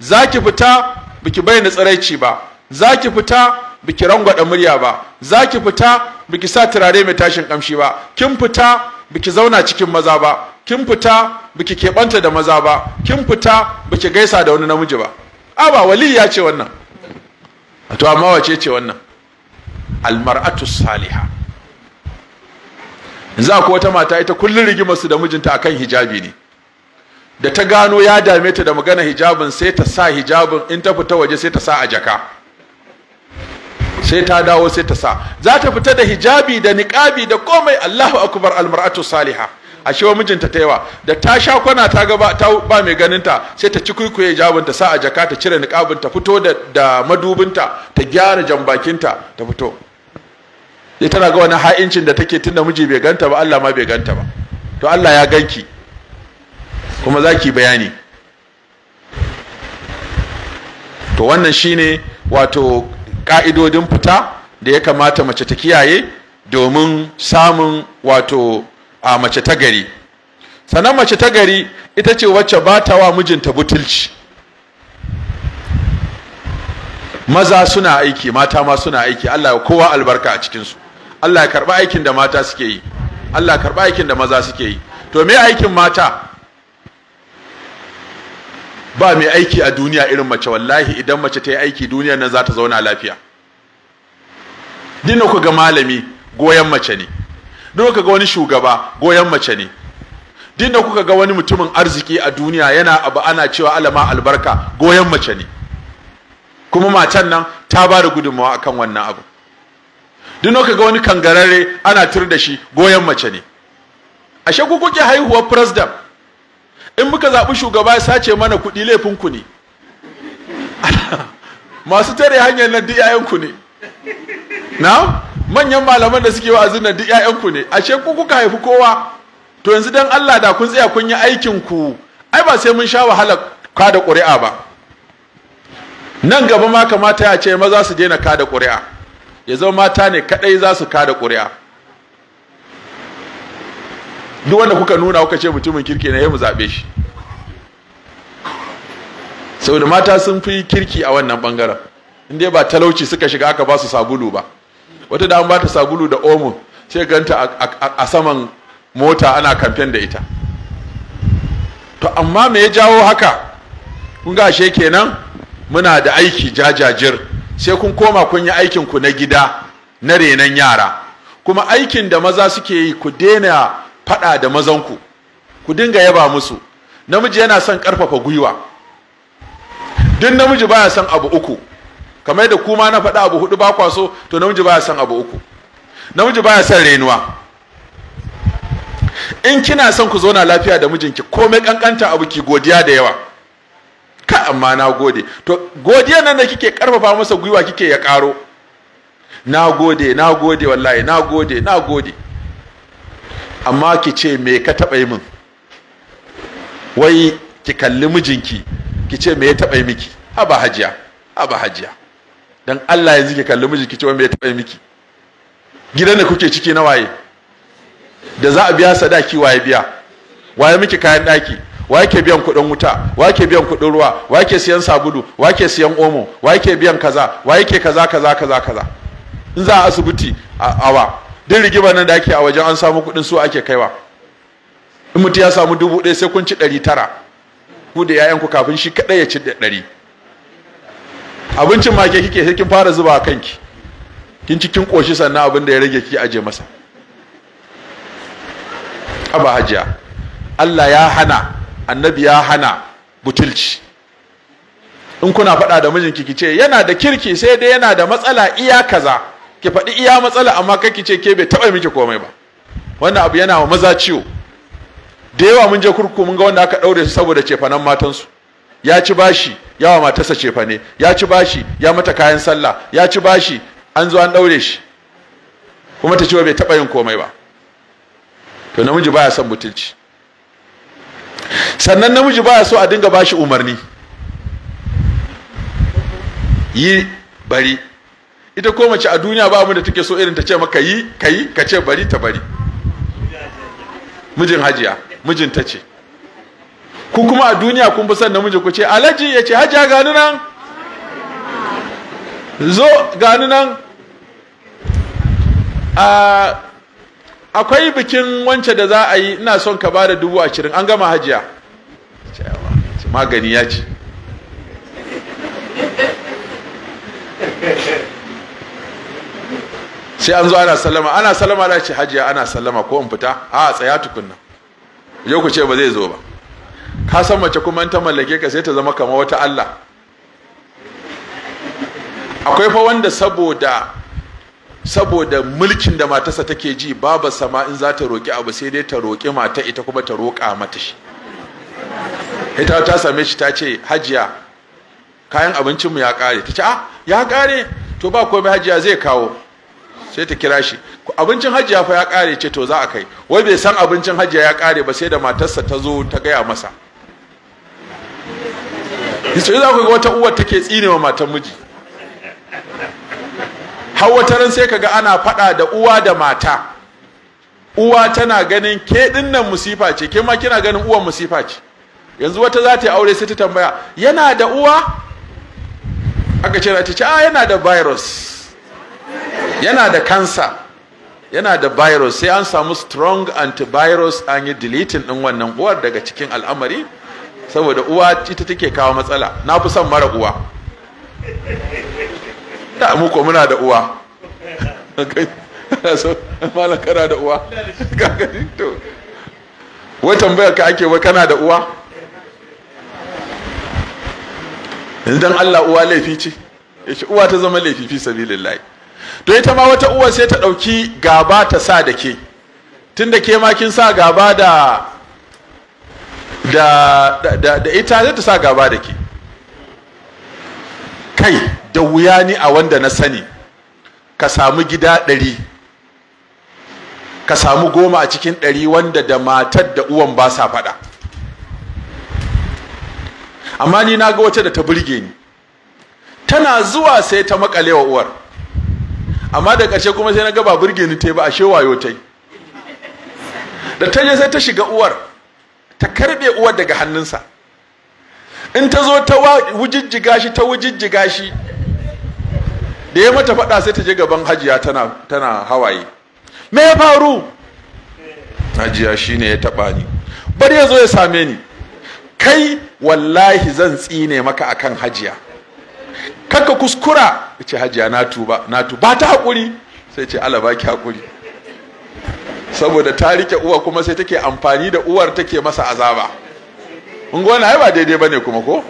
za ki fita biki bayyana tsiraici ba za ki fita biki rangwada murya ba za ki fita biki sa turare mai tashin kamshi ba kin fita biki zauna cikin maza ba kin fita biki keɓanta da maza ba kin fita biki gaisa da wani namiji ba a ba wali ya ce wannan to amma wace ce wannan almar'atu salihah yanzu akwai wata mata ita kullun rigimar su da mijinta akan hijabi ne da ta gano ya dame ta da magana hijabin sai ta sa hijabin in ta fita waje sai ta sa a jaka sai ta dawo sai ta sa za ta fita da hijabi da niqabi da komai Allahu akbar almar'atu Saliha. ashe wa mijinta ta yawa da ta sha kwana ta ga ba mai ganinta sai ta ci kuikuye hijabin ta sa a jaka ta cire niqabin ta fito da madubinta ta gyara jambakinta ta fito sai tana ga wani ha'incin da take tunda miji bai ganta ba Allah ma bai ganta ba to Allah ya ganki kuma za ki bayani to wannan shine wato ka'idodin fita da ya kamata mace ta kiyaye domin samun wato a mace ta gari sannan mace ta gari ita ce wacce ba ta wa mijinta butulci maza suna aiki mata ma suna aiki Allah ya kowa albarka a cikinsu Allah ya karba aikin da mata suke yi Allah ya karba aikin da maza suke yi to me aikin mata ba mai aiki a duniya irin mace wallahi idan mace ta yi aiki duniyar nan za ta zauna lafiya dina ku ga malami goyon mace ne duk ga wani shugaba goyon mace ne Dina kuka ga wani mutumin arziki a duniya yana abu ana cewa alama albarka goyon mace ne kuma matan nan ta ba da gudunmawa akan wannan abu duk ka ga wani kangarare ana tur da shi goyon mace ne ashe ku kuke haihuwar president in muka zaɓi shugaba sace mana kuɗi laifin ku ne masu tare hanyar na duk ƴaƴanku ne na manyan malaman da suke wa'azin nan duk ƴaƴanku ne ashe ku kuka haifi kowa to yanzu dan Allah da kun tsaya kun yi aikin ku ai ba sai mun sha wahala kada ƙuri'a ba nan gaba ma kamata ya ce maza su daina kada ƙuri'a ya zama mata ne kadai za su kada ƙuri'a duk wanda kuka nuna kuka ce mutumin kirki na ya mu zaɓe shi Sau da mata sun fi kirki a wannan bangaren inda ba talauci suka shiga aka ba su sabulu ba wata da an ba ta sabulu da omo sai ganta a saman mota ana kamfen da ita to amma me ya jawo haka kun ga ashe kenan muna da aiki jajajir sai kun koma kun yi aikin ku na gida na renon yara kuma aikin da maza suke yi ku daina faɗa da mazan ku ku dinga yaba musu namiji yana son ƙarfafa gwiwa duk namiji baya son abu uku kamar da kuma na faɗa abu hudu ba kwa so to namiji baya son abu uku namiji baya son renuwa in kina son ku zauna lafiya da mijinki komai kankanta abu ki godiya da yawa ka amma na gode to godiya nan da kike karfafa masa gwiwa kike ya karo na gode na gode wallahi na gode na gode amma ki ce me ka taɓa yi min wai ki kalli mijinki ki ce me ya taɓa yi miki haba hajiya haba hajiya dan Allah yanzu ki kalli mijinki ce wai me ya taɓa yi miki gidan da kuke ciki na waye da za a biya sadaki waye biya waye miki kayan ɗaki Wake biyan kuɗin wuta Wake biyan kuɗin ruwa Wake yake siyan sabulu wa yake siyan omo wa biyan kaza wa kaza kaza kaza kaza in za a asibiti awa duk rigima nan da ake a wajen an samu kuɗin su ake kaiwa in mutum ya samu dubu ɗaya sai kun ci ɗari tara ku da 'ya'yanku kafin shi kaɗai ya ci ɗari abincin ma ke kike sai kin fara zuba kanki kin ci kin koshi sannan abin da ya rage ki aje masa aba hajiya Allah ya hana annabi ya hana butulci in kuna faɗa da mijinki ki ce yana da kirki sai dai yana da matsala iya kaza ki faɗi iya matsala amma kai ki ce ke bai taɓa miki komai ba wannan abu yana wa maza ciwo da yawa mun je kurkuku mun ga wanda aka ɗaure su saboda cefanen matansu ya ci bashi yawa matarsa cefane ya ci bashi ya mata kayan sallah ya ci bashi an zo an ɗaure shi kuma ta ce bai taɓa yin komai ba to namiji baya son butulci. sannan namiji ba so a dinga bashi umarni yi bari ita ko mace a duniya ba mu da take so irin ta ce maka yi yi, ka ce bari ta bari mijin hajiya mijin ta ce ku kuma a duniya kun fi son namiji ku ce alaji ya ce hajiya gani nan zo gani nan a ah, akwai bikin wance da za a yi ina son ka bada dubu ashirin an gama hajiya magani ya ce sai an zo ana salama, ana salama da ce hajiya ana salama, ko in fita a tsaya tukunna Yau ku ce ba zai zo ba ka san mace kuma ta mallake ka sai ta zama kama wata Allah akwai fa wanda saboda saboda mulkin da matarsa take ji babu sama in za ta roƙi abu sai dai ta roƙi mata ita kuma ta roƙa mata shi ita ta same shi ta ce hajiya kayan abincinmu ya ƙare ta ce ah ya ƙare to ba komai hajiya zai kawo sai ta kira shi abincin hajiya fa ya ƙare ce to za a kai wai bai san abincin hajiya ya ƙare ba sai da matarsa ta zo ta gaya masa Yanzu za ku ga wata uwar take tsinewa matan miji har wata ran sai kaga ana faɗa da uwa da mata uwa tana ganin ke dinnan musifa ce ke ma kina ganin uwa musifa ce yanzu wata za ta yi aure sai ta tambaya yana da uwa aka ce ta ce a ah, yana da virus yana da kansa yana da virus sai an samu strong antivirus an yi deleting din wannan uwar daga cikin al'amari saboda uwa ita take kawo matsala na fi son mara uwa ta mu ko muna da uwa malam kana da uwa to wai tambayar ka ake wai kana da uwa idan Allah uwa laifi ce yace uwa ta zama laifi fi sabilillahi to ita ma wata uwa sai ta dauki gaba ta sa da ke tunda ke ma kin sa gaba da da da, da ita zai ta sa gaba da ke kai da wuya ni a wanda na sani ka samu gida ɗari ka samu goma a cikin ɗari wanda da matar da uwan ba sa faɗa amma ni na ga wata da ta burge ni tana zuwa sai ta makale wa uwar amma da ƙarshe kuma sai na ga ba burge ni ta yi ba a wayo ta yi da ta je sai ta shiga uwar ta karɓe uwar daga hannunsa in ta zo ta wujijjiga shi ta wujijjiga shi da ya mata faɗa sai ta je gaban hajiya tana hawaye me ya faru hajiya shi ne ya taɓa ni bari ya zo ya same ni kai wallahi zan tsine maka akan hajiya kaka kuskura ce hajiya na tuba na tuba ta hakuri sai ce Allah baki hakuri saboda ta rike uwa kuma sai take amfani da uwar take masa azaba kun ai ba daidai bane kuma ko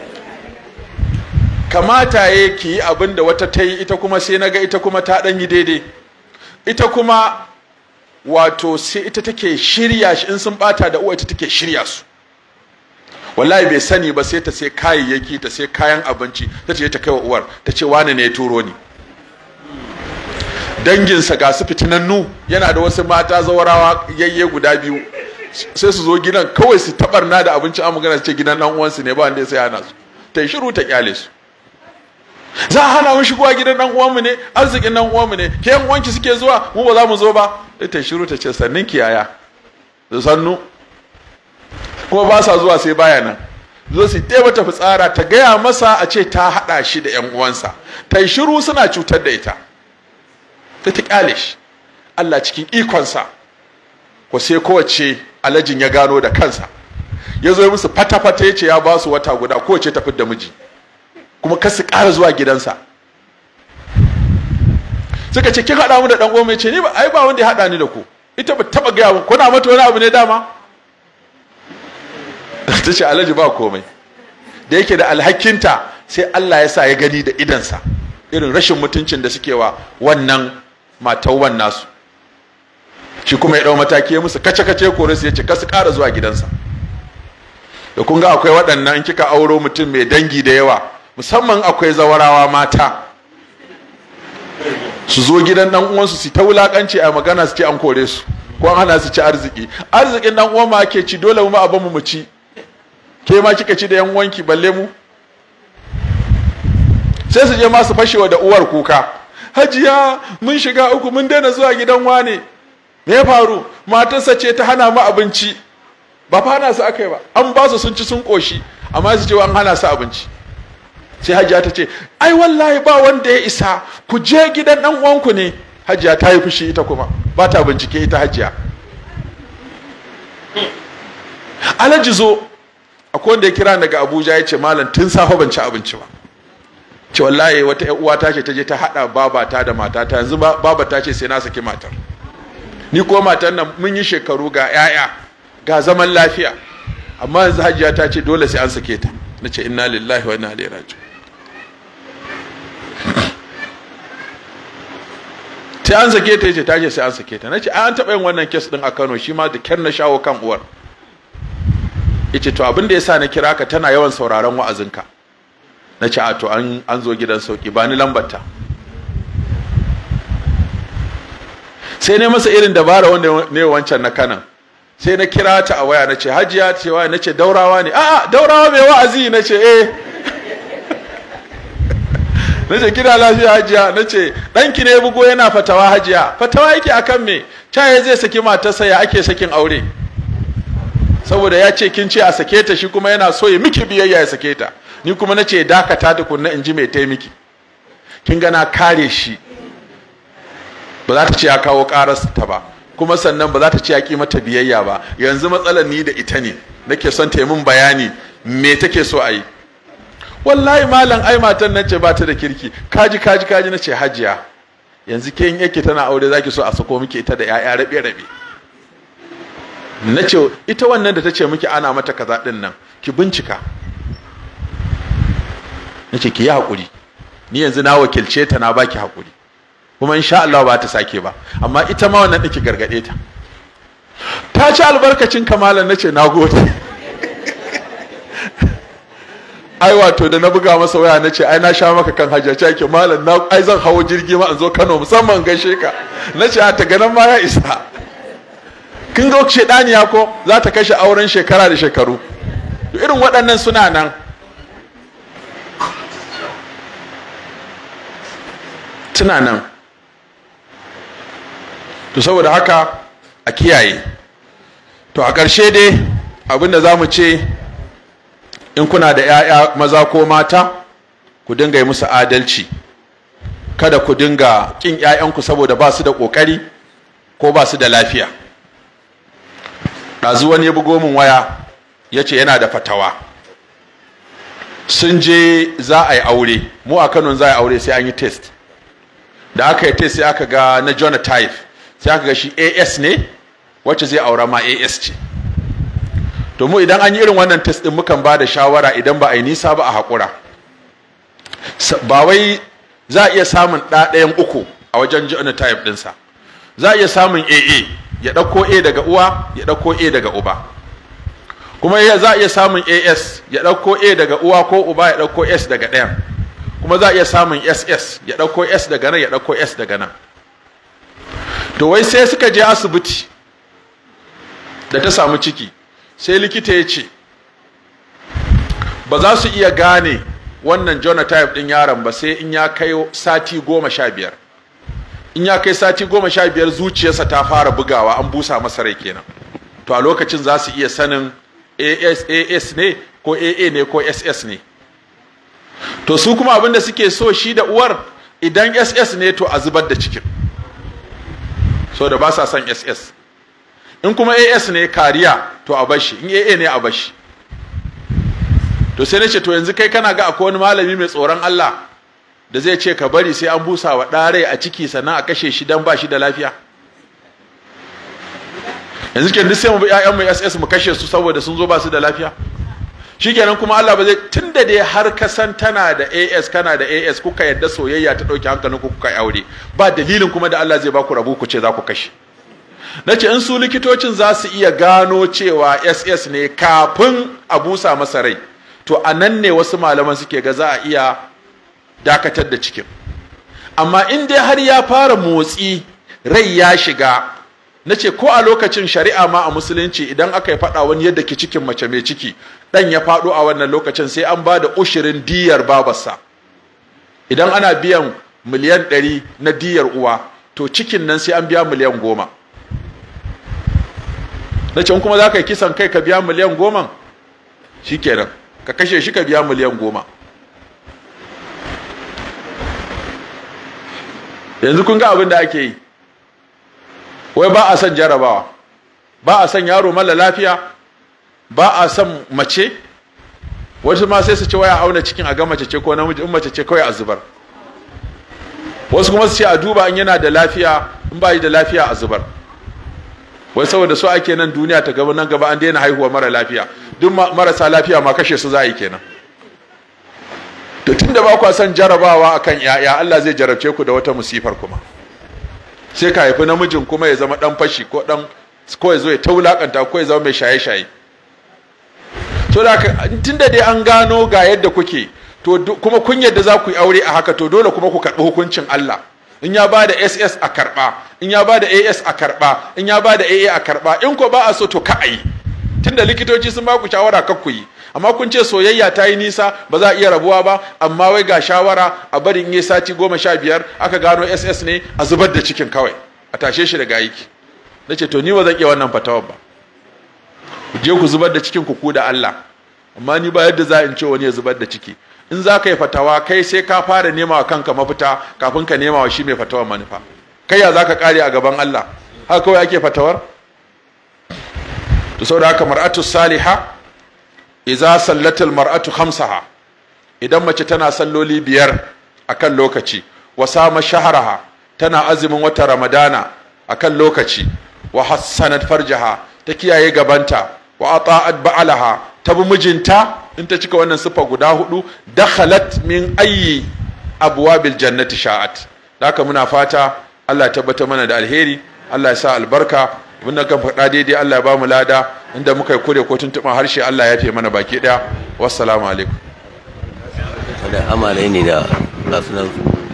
kamata ya ki yi abin da wata ta yi ita kuma sai naga ita kuma ta ɗan yi daidai ita kuma wato sai ita take shirya shi in sun bata da uwa ita take shirya su wallahi bai sani ba sai ta sai kayayyaki ta sai kayan abinci ta ce ta kai wa uwar ta ce wani ne turo ni danginsa ga su fitinannu yana da wasu mata zawarawa yayye guda biyu sai su zo gidan kawai su tabarna da abinci a magana su ce gidan nan uwansu ne ba wanda sai hana su ta yi shiru ta kyale su za a hana mu shigowa gidan nan uwanmu ne arzikin nan uwanmu ne ke yan uwanki suke zuwa mu ba za mu zo ba sai ta shiru ta ce sannin kiyaya su sannu kuma ba sa zuwa sai baya nan zo su teba ta fitsara ta gaya masa a ce ta haɗa shi da yan uwansa ta yi shiru suna cutar da ita ta ta kyale shi Allah cikin ikonsa ko sai kowace alajin ya gano da kansa ya zo musu fata-fata ya ce ya ba su wata guda ko ce tafi da miji kuma ka su ƙara zuwa gidansa suka ce kin haɗa mu da ɗan mai ce ni ai ba wanda ya haɗa ni da ku ita ba taɓa gaya mun kuna mata wani abu ne dama ta ce alhaji ba komai da yake da alhakinta sai Allah ya sa ya gani da idansa irin rashin mutuncin da suke wa wannan matan wannan shi kuma ya dau mataki ya musu kace kace kore su ya ce kasu kara zuwa gidansa da kun ga akwai waɗannan in kika auro mutum mai dangi da yawa musamman akwai zawarawa mata su zo gidan dan uwansu su ta wulakanci a magana su ce an kore su ko an hana su ci arziki arzikin dan uwan ma ake ci dole mu ma abin mu ci ke ma kika ci da yan uwanki balle mu sai su je ma su fashewa da uwar kuka hajiya mun shiga uku mun daina zuwa gidan wane me ya faru matarsa ce ta hana mu abinci ba fa hana su akai ba an ba su sun ci sun koshi amma su ce an hana su abinci sai hajiya ta ce ai wallahi ba wanda ya isa ku je gidan dan uwanku ne hajiya ta yi fushi ita kuma ba ta bincike ita hajiya alaji zo akwai wanda ya kira daga abuja ya ce malam tun safa ban ci abinci ba ce wallahi wata uwa ta ce ta je ta hada babata da matata yanzu babata ce sai na saki matar ni ko matan nan mun yi shekaru ga yaya ga zaman lafiya amma yanzu hajiya ta ce dole sai an sake ta na ce inna lillahi wa inna ilaihi raji sai an sake ta yace ta ce sai an sake ta na ce an taɓa yin wannan kes ɗin a Kano shi ma da kyar na shawo kan uwar yace to abin da yasa na kira ka tana yawan sauraron wa'azinka na ce a to an zo gidan sauki ba ni lambarta sai ne masa irin dabara wanda ne wancan na kanan sai na kira ta a waya na ce hajiya ce waya ce daurawa ne a'a daurawa mai wa'azi na ce eh ce kira lafiya hajiya na ce ɗanki ne bugo yana fatawa hajiya fatawa yake kan me ta zai saki matarsa ya ake sakin aure saboda ya ce kin ce a sake ta shi kuma yana so ya miki biyayya ya sake ta ni kuma na ce dakata da kunna in ji mai taimaki kin ga na kare shi ba za ta ce ya kawo karas ta ba kuma sannan ba za ta ce ya ki mata biyayya ba yanzu matsalar ni da ita ne nake son ta min bayani me take so a yi wallahi malam ai matan nan ce ba ta da kirki kaji kaji kaji na ce hajiya yanzu ke in yake tana aure zaki so a sako miki ita da 'ya'ya rabe rabe na ita wannan da ta ce miki ana mata kaza din nan ki bincika na ki yi hakuri. ni yanzu na wakilce ta na baki hakuri. kuma insha Allah ba ta sake ba amma ita ma wannan nake gargade ta ta ci albarkacin kamalan nace nagode ai wato da na buga masa waya nace ce ai na sha maka kan hajjaci ake malam na ai zan hawo jirgi ma in zo Kano musamman gaishe ka na ce ta ganan ma ya isa kin ga ya ko za ta kashe auren shekara da shekaru irin waɗannan suna nan tuna nan to saboda haka a kiyaye to a ƙarshe dai abinda za mu ce in kuna da 'ya'ya maza ko mata ku dinga yi musu adalci kada ku dinga ƙin 'ya'yanku saboda ba su da ƙoƙari ko ba su da lafiya ɗazu wani ya bugo min waya ya ce yana da fatawa sun je za a yi aure mu a kano za a yi aure sai an yi test da aka yi test sai aka ga na jonathan sai aka ga shi as ne wacce zai aura ma as ce to mu idan an yi irin wannan test din mukan ba da shawara idan ba a yi nisa ba a haƙura ba wai za a iya samun ɗayan uku a wajen genotype ɗinsa za a iya samun aa ya ɗauko a daga uwa ya ɗauko a daga uba kuma za a iya samun as ya ɗauko a daga uwa ko uba ya ɗauko s daga ɗayan kuma za a iya samun ss ya ɗauko s daga nan ya ɗauko s daga nan to wai sai suka je asibiti da ta samu ciki sai likita ya ce ba za su iya gane wannan jonathan ɗin yaron ba sai in ya kai sati goma sha biyar in ya kai sati goma sha biyar zuciyarsa ta fara bugawa an busa masa rai kenan to a lokacin za su iya sanin as as ne ko aa ne ko ss ne to su kuma abinda suke so shi da uwar idan ss ne to a zubar da cikin so da ba sa son ss in kuma as ne kariya to a bashi in aa ne a bashi to sai nace to yanzu kai kana ga akwai wani malami mai tsoron Allah da zai ce ka bari sai an busa wa dare a ciki sannan a kashe shi dan ba shi da lafiya yanzu ke duk sai mu bi ƴaƴan mu SS mu kashe su saboda sun zo ba su da lafiya shikenan kuma Allah ba zai tunda dai har ka san tana da AS kana da AS kuka yadda soyayya ta dauki hankalin ku kuka aure ba dalilin kuma da Allah zai ba ku rabu ku ce za ku kashe nace in su likitocin za su iya gano cewa SS ne kafin a busa masa rai to anan ne wasu malaman suke ga za a iya dakatar da cikin amma in dai har ya fara motsi rai ya shiga nace ko a lokacin shari'a ma a musulunci idan aka yi faɗa wani yadda ke cikin mace mai ciki dan ya faɗo a wannan lokacin sai an ba da ushirin diyar babarsa idan ana biyan miliyan ɗari na diyar uwa to cikin nan sai an biya miliyan goma na can kuma za ka yi kisan kai ka biya miliyan goma shi kenan ka kashe shi ka biya miliyan goma yanzu kun ga abin da ake yi wai ba a son jarabawa ba a son yaro mala lafiya ba a son mace wasu ma sai su ce waya auna cikin a ga mace ce ko namiji in mace ce kawai a zubar wasu kuma su ce a duba in yana da lafiya in ba yi da lafiya a zubar wai saboda so ake nan duniya ta gaba nan gaba an daina haihuwa mara lafiya duk marasa lafiya ma kashe su za a yi kenan to tunda ba ku son jarabawa akan yaya Allah zai jarabce ku da wata musifar kuma sai ka haifi namijin kuma ya zama dan fashi ko dan ko ya zo ya taulakanta ko ya zama mai shaye-shaye to da tunda dai an gano ga yadda kuke to kuma kun yadda za ku yi aure a haka to dole kuma ku karɓi hukuncin Allah in ya ba da SS a karɓa in ya ba da AS a karɓa in ya ba da AA a karɓa in ko ba a so to ka ayi tunda likitoci sun ba ku shawara kar ku yi amma kun ce soyayya ta yi nisa ba za a iya rabuwa ba amma wai ga shawara a barin yi sati goma sha biyar aka gano ss ne a zubar da cikin kawai a tashe shi daga aiki na ce to ni ba zan iya wannan fatawar ba ku je ku zubar da cikin ku da Allah amma ni ba yadda za in ce wani ya zubar da ciki in za ka yi fatawa kai sai ka fara nema wa kanka mafita kafin ka nema wa shi mai fatawar manufa kai ya za ka kare a gaban Allah haka kawai ake fatawar to saboda haka mar'atu saliha idza sallatul mar'atu khamsaha idan mace tana salloli biyar akan lokaci wa sama shahraha tana azumin wata ramadana akan lokaci wa hassanat farjaha ta kiyaye gabanta wa ata'at ba'alaha ta bi mijinta in ta cika wannan siffa guda hudu dakhalat min ayyi abwabil jannati sha'at haka muna fata Allah ya tabbata mana da alheri Allah ya sa albarka abinda kan faɗa daidai Allah ya ba mu lada inda muka yi kure ko tuntuma harshe Allah ya fi mana baki ɗaya wassalamu alaikum amare ne da sunan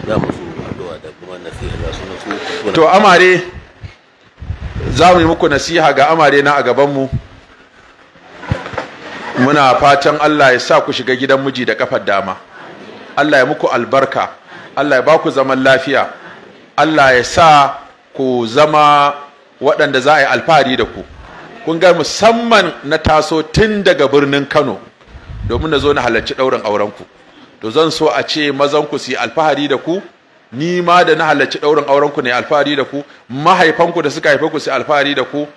za mu su addu'a da kuma nasiha da sunan su to amare za mu yi muku nasiha ga amare na a gaban mu muna fatan Allah ya sa ku shiga gidan miji da kafar dama Allah ya muku albarka Allah ya ba ku zaman lafiya Allah ya sa ku zama waɗanda za a yi alfahari da ku kun ga musamman na taso tun daga birnin Kano domin na zo na halarci ɗaurin aurenku to zan so a ce ku su yi alfahari da ku ni ma da na halarci ɗaurin aurenku ne alfahari da ku mahaifanku da suka haife ku su yi alfahari da ku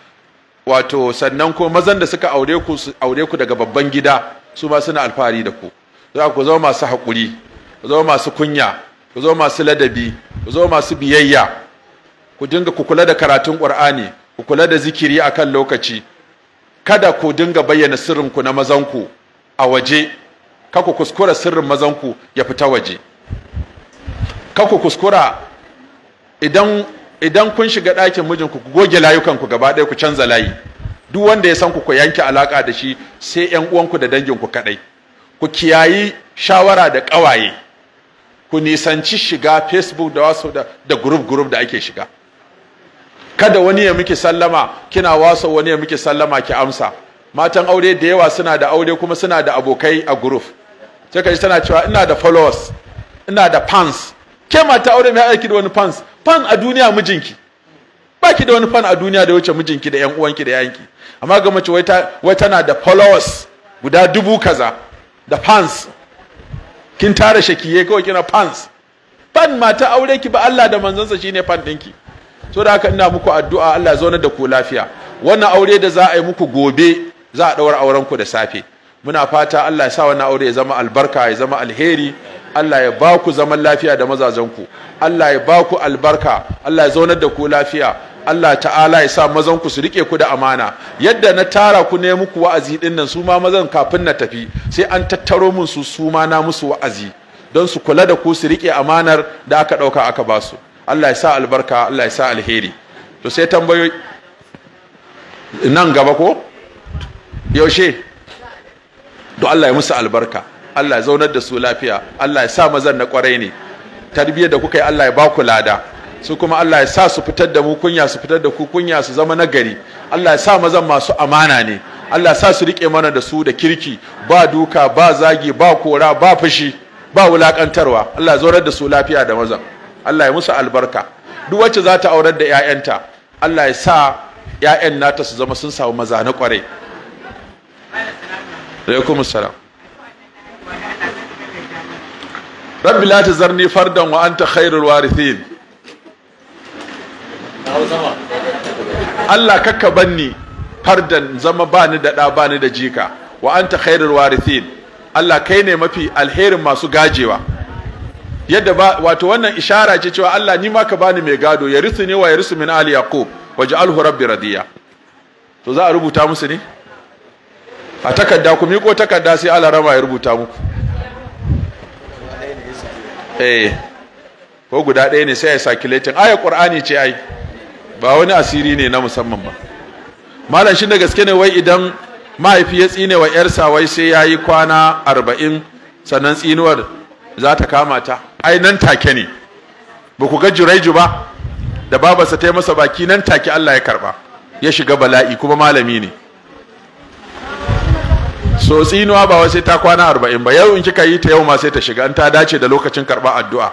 wato sannan ko mazan da suka aure ku aure ku daga babban gida su ma suna alfahari da ku za ku zama masu haƙuri ku zama masu kunya ku zama masu ladabi ku zama masu biyayya ku dinga ku kula da karatun Kur'ani, ku kula da zikiri akan lokaci kada ku dinga bayyana sirrinku na mazanku a waje ka ku kuskura sirrin mazanku ya fita waje ka ku kuskura idan idan kun shiga ɗakin mijinku ku goge layukanku gaba ɗaya ku canza layi duk wanda ya san ku ku yanke alaka da shi sai ƴan uwanku da ku kaɗai ku kiyayi shawara da ƙawaye ku nisanci shiga facebook da wasu da, da group group da ake shiga kada wani ya miki sallama kina waso wani ya miki sallama ki amsa matan aure da yawa suna da aure kuma suna da abokai a group sai ji tana cewa ina da followers ina da fans ke mata aure mai aiki da wani fans fan a duniya mijinki baki da wani fan a duniya da wuce mijinki da yan uwanki da yanki amma ga mace wai tana da followers guda dubu kaza da fans kin tara shakiye kawai kina fans fan mata aure ki ba Allah da manzonsa shine fan dinki so da haka ina muku addu'a Allah zauna da ku lafiya wannan aure da za a yi muku gobe za a daura aurenku da safe muna fata Allah ya sa wannan aure ya zama albarka ya zama alheri Allah ya ba ku zaman lafiya da mazajenku Allah ya ba ku albarka Allah ya zaunar da ku lafiya Allah ta'ala ya sa mazanku su rike ku da amana yadda na tara ku ne muku wa'azi din nan su ma mazan kafin na tafi sai an tattaro min su su ma na musu wa'azi don su kula da ku su rike amanar da aka dauka aka ba su Allah ya sa albarka Allah ya sa alheri to sai tambayoyi nan gaba ko yaushe to Allah ya musu albarka Allah ya zaunar da su lafiya Allah ya sa mazan na kwarai ne tarbiyyar da kuka yi Allah ya ba ku lada su kuma Allah ya sa su fitar da mu kunya su fitar da ku kunya su zama nagari Allah ya sa mazan masu amana ne Allah ya sa su rike mana da su da kirki ba duka ba zagi ba kora ba fushi ba wulakantarwa Allah ya zaunar da su lafiya da mazan Allah ya musu albarka duk wacce za ta aurar da 'ya'yanta Allah ya sa 'ya'yan nata su zama sun samu maza na kwarai alaikum salam rabbi la zarni fardan wa anta khairul warithin Allah kakka banni fardan zama bani da da bani da jika wa anta khairul warithin Allah kai ne mafi alherin masu gajewa yadda ba wato wannan ishara ce cewa Allah ni ma ka bani mai gado ya risu ne wa ya risu min ali yaqub waj'alhu rabbi radiya to za a rubuta musu ne a takarda ku miƙo takarda sai Allah rama ya rubuta muku eh ko guda ɗaya ne sai ya latin ayar qur'ani ce ai ba wani asiri ne na musamman ba malam shi da gaske ne wai idan mahaifi ya tsine wa yarsa wai sai ya yi kwana arba'in sannan tsinuwar za ta kama ta ai nan take ne ba ku ga jiraiju ba da babarsa ta yi masa baki nan take Allah ya karba ya shiga bala'i kuma malami ne so tsinuwa ba sai ta kwana arba'in ba yau in kika yi ta yau ma sai ta shiga in ta dace da lokacin karɓa addu'a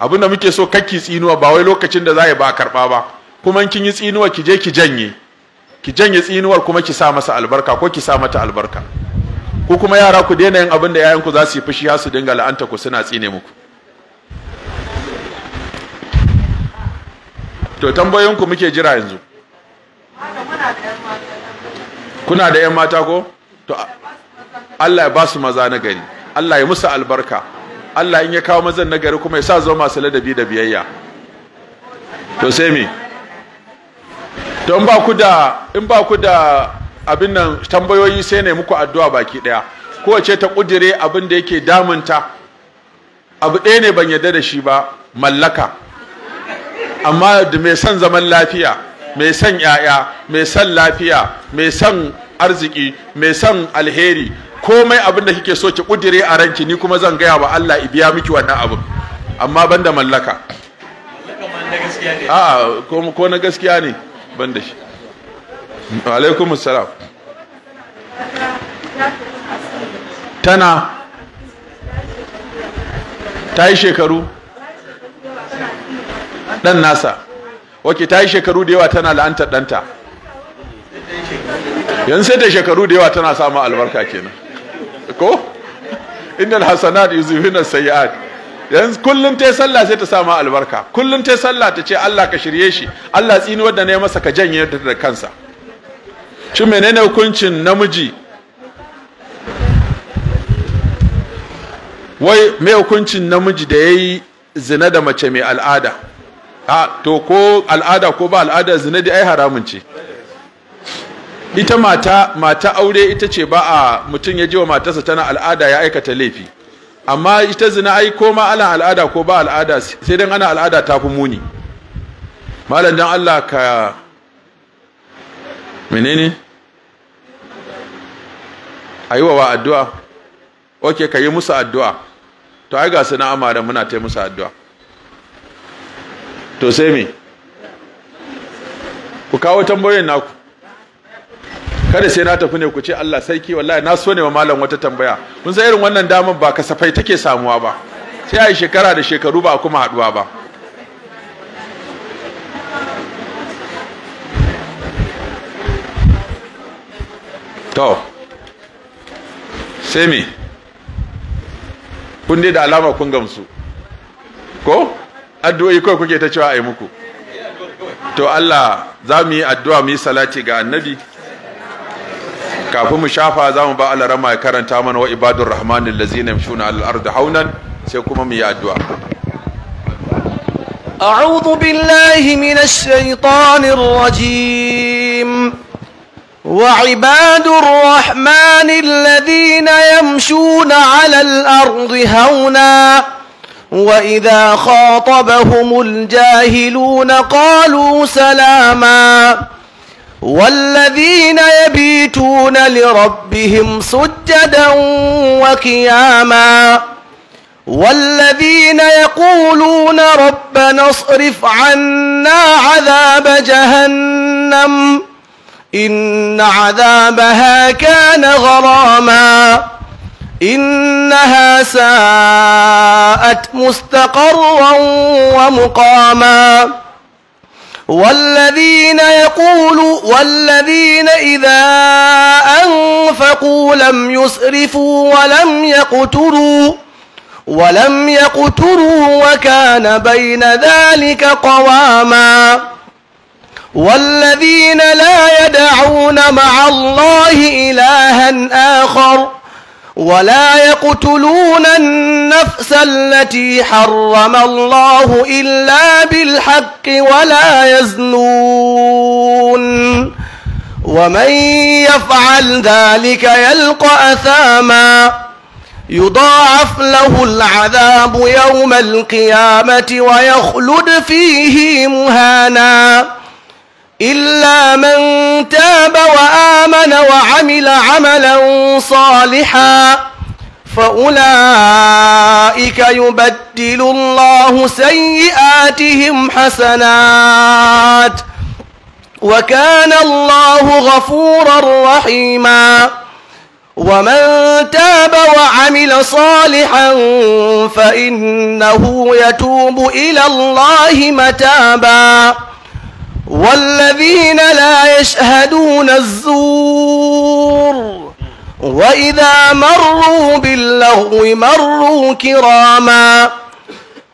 abinda muke so kakki tsinuwa ba wai lokacin da za a ba a karɓa ba kuma kin yi tsinuwa ki je ki janye ki janye tsinuwar kuma ki sa masa albarka ko ki sa mata albarka ko kuma yara ku daina yin abin da yayanku za su yi fushi har su dinga la'anta ku suna tsine muku to tambayoyinku muke jira yanzu kuna da 'yan mata ko Allah ya ba su maza na gari Allah ya musu albarka Allah in ya kawo mazan na gari kuma ya sa zama masu ladabi da biyayya to sai me To da in ba ku da abin nan tambayoyi sai ne muku addu'a baki daya kowace ta kudire abin da yake damunta abu ɗaya ne ban yarda da shi ba mallaka amma da mai son zaman lafiya mai son 'ya'ya mai son lafiya mai son arziki mai son alheri komai abin da kike so ki kudire a ranki ni kuma zan gaya wa Allah i biya miki wannan abin amma ban da mallaka a'a ko na gaskiya ne ban da shi alaikum salam tana ta yi shekaru ɗan nasa wake ta yi shekaru da yawa tana la'antar ɗanta yanzu sai shekaru da yawa tana samun albarka kenan ko innal hasanat yuzhibuna sayiat yanzu kullun tai sallah sai ta samu albarka kullun tayi sallah ta ce Allah ka shirye shi Allah tsini wanda ne masa ka janye da kansa shi menene hukuncin namiji wai me hukuncin namiji da yayi zina da mace mai al'ada a to ko al'ada ko ba al'ada zina dai ai haramun ce ita mata mata aure ita ce ba a mutum ya ji wa matarsa tana al'ada ya aikata laifi amma ita zina ai ko ma ala al'ada ko ba al'ada sai dan ana al'ada ta fi muni malam dan Allah ka menene ayi wa addu'a okay ka yi musu addu'a to ai ga suna amara muna ta musu addu'a to sai me ku kawo tambayoyin naku kada sai na tafi ne ku ce Allah sarki wallahi na so ne wa malam wata tambaya Mun san irin wannan damar ba kasafai take samuwa ba sai a yi shekara da shekaru ba kuma haduwa ba to sai me kun dai da alama kun gamsu ko addu'o'i kawai kuke ta cewa a yi muku to Allah za mu yi addu'a mu yi salati ga annabi kafin mu shafa za mu ba alarama ya karanta mana wa ibadur rahmanin lazina yamshuna alal ardi haunan sai kuma mu yi addu'a أعوذ بالله من الشيطان الرجيم وعباد الرحمن الذين يمشون على الأرض هونا وإذا خاطبهم الجاهلون قالوا سلاما والذين يبيتون لربهم سجدا وقياما والذين يقولون ربنا اصرف عنا عذاب جهنم إن عذابها كان غراما إنها ساءت مستقرا ومقاما والذين يقول والذين إذا أنفقوا لم يسرفوا ولم يقتروا ولم يقتروا وكان بين ذلك قواما والذين لا يدعون مع الله إلها آخر ولا يقتلون النفس التي حرم الله إلا بالحق ولا يزنون ومن يفعل ذلك يلقى أثاما يضاعف له العذاب يوم القيامة ويخلد فيه مهانا إلا من تاب وآمن وعمل عملا صالحا فأولئك يبدل الله سيئاتهم حسنات وكان الله غفورا رحيما ومن تاب وعمل صالحا فإنه يتوب إلى الله متابا والذين لا يشهدون الزور وإذا مروا باللغو مروا كراما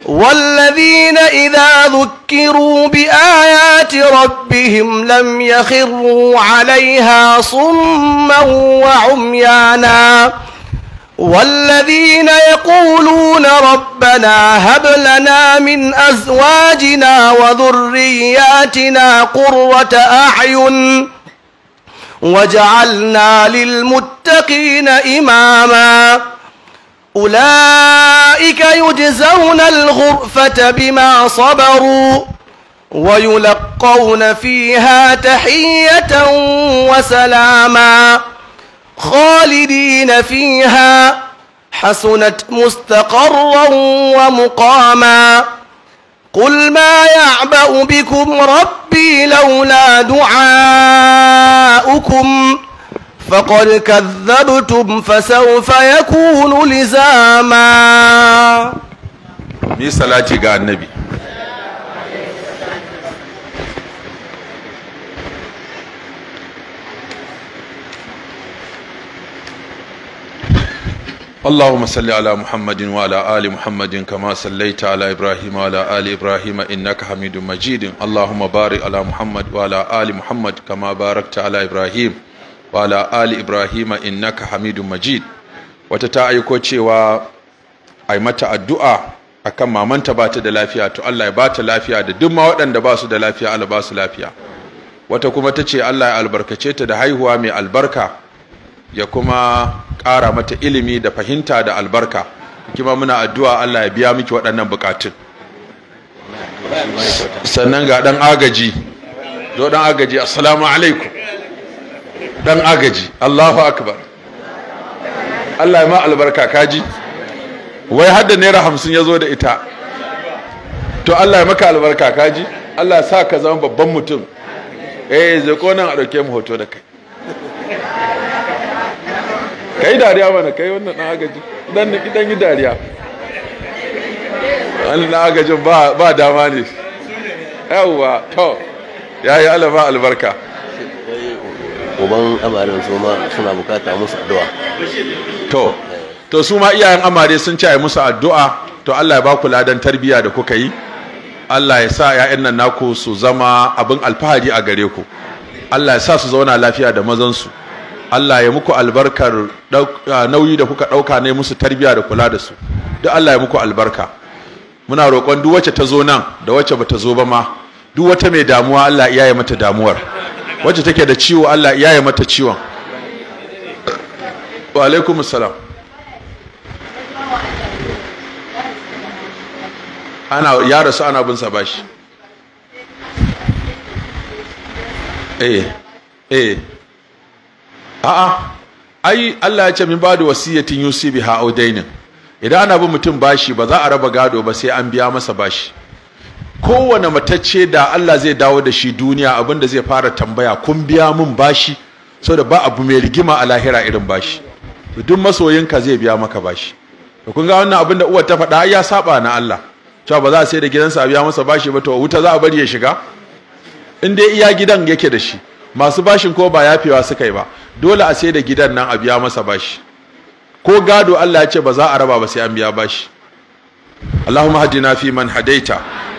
والذين إذا ذكروا بآيات ربهم لم يخروا عليها صما وعميانا والذين يقولون ربنا هب لنا من أزواجنا وذرياتنا قرة أعين وجعلنا للمتقين إماما أولئك يجزون الغرفة بما صبروا ويلقون فيها تحية وسلاما خالدين فيها حسنت مستقرا ومقاما قل ما يعبأ بكم ربي لولا دعاؤكم فقد كذبتم فسوف يكون لزاما مي صلاتي على النبي اللهم صل على محمد وعلى آل محمد كما صليت على إبراهيم وعلى آل إبراهيم إنك حميد مجيد اللهم بارك على محمد وعلى آل محمد كما باركت على إبراهيم وعلى آل إبراهيم إنك حميد مجيد وتتعيكو cewa ai mata addu'a akan mamanta ba ta da lafiya to Allah ya ba ta lafiya da duk ma waɗanda ba su da lafiya Allah ba su lafiya wata kuma ta ce Allah ya albarkace ta da haihuwa mai albarka ya kuma ƙara mata ilimi da fahimta da albarka kima muna addu'a Allah ya biya miki waɗannan buƙatun. sannan ga ɗan agaji zo ɗan agaji assalamu alaikum ɗan agaji Allahu akbar Allah ya ma albarka kaji wai hadda naira hamsin ya zo da ita to Allah ya maka albarka kaji Allah ya sa ka zama babban mutum eh zai nan a ɗauke mu hoto da kai ka yi dariya mana ka yi wannan na agaji dan na ɗan yi dariya wani na agajin ba dama ne yawwa to ya yi alama albarka uban amaren su ma suna bukata musu addu'a to to su ma iyayen amare sun ce musu addu'a to Allah ya ba ku ladan tarbiyya da kuka yi Allah ya sa ‘ya'yan nan naku su zama abin alfahari a gare ku, Allah ya sa su zauna lafiya da mazansu. Allah ya muku albarkar nauyi da kuka ɗauka ne musu tarbiya da kula da su duk Allah ya muku albarka muna roƙon duk wacce ta zo nan da wacce bata zo ba ma duk wata mai damuwa Allah ya yi mata damuwar wacce take da ciwo Allah ya yi mata ciwon wa alaikum salam ana ya rasu ana bin sa bashi eh eh a'a ai Allah ya ce min bada wasiyatin yusi biha aw dainin idan ana bin mutum bashi ba za a raba gado ba sai an biya masa bashi kowane matacce da Allah zai dawo da shi duniya abinda zai fara tambaya kun biya min bashi saboda ba abu mai rigima a lahira irin bashi duk masoyinka zai biya maka bashi to kun ga wannan abin da uwar ta faɗa ya saba na Allah cewa ba za a sai da gidansa a biya masa bashi ba to wuta za a bari ya shiga in dai iya gidan yake da shi masu bashin ko ba yafewa suka yi ba dole a sai da gidan nan a biya masa bashi ko gado Allah ya ce ba za a raba ba sai an biya bashi اللهم اهدنا فيمن هديت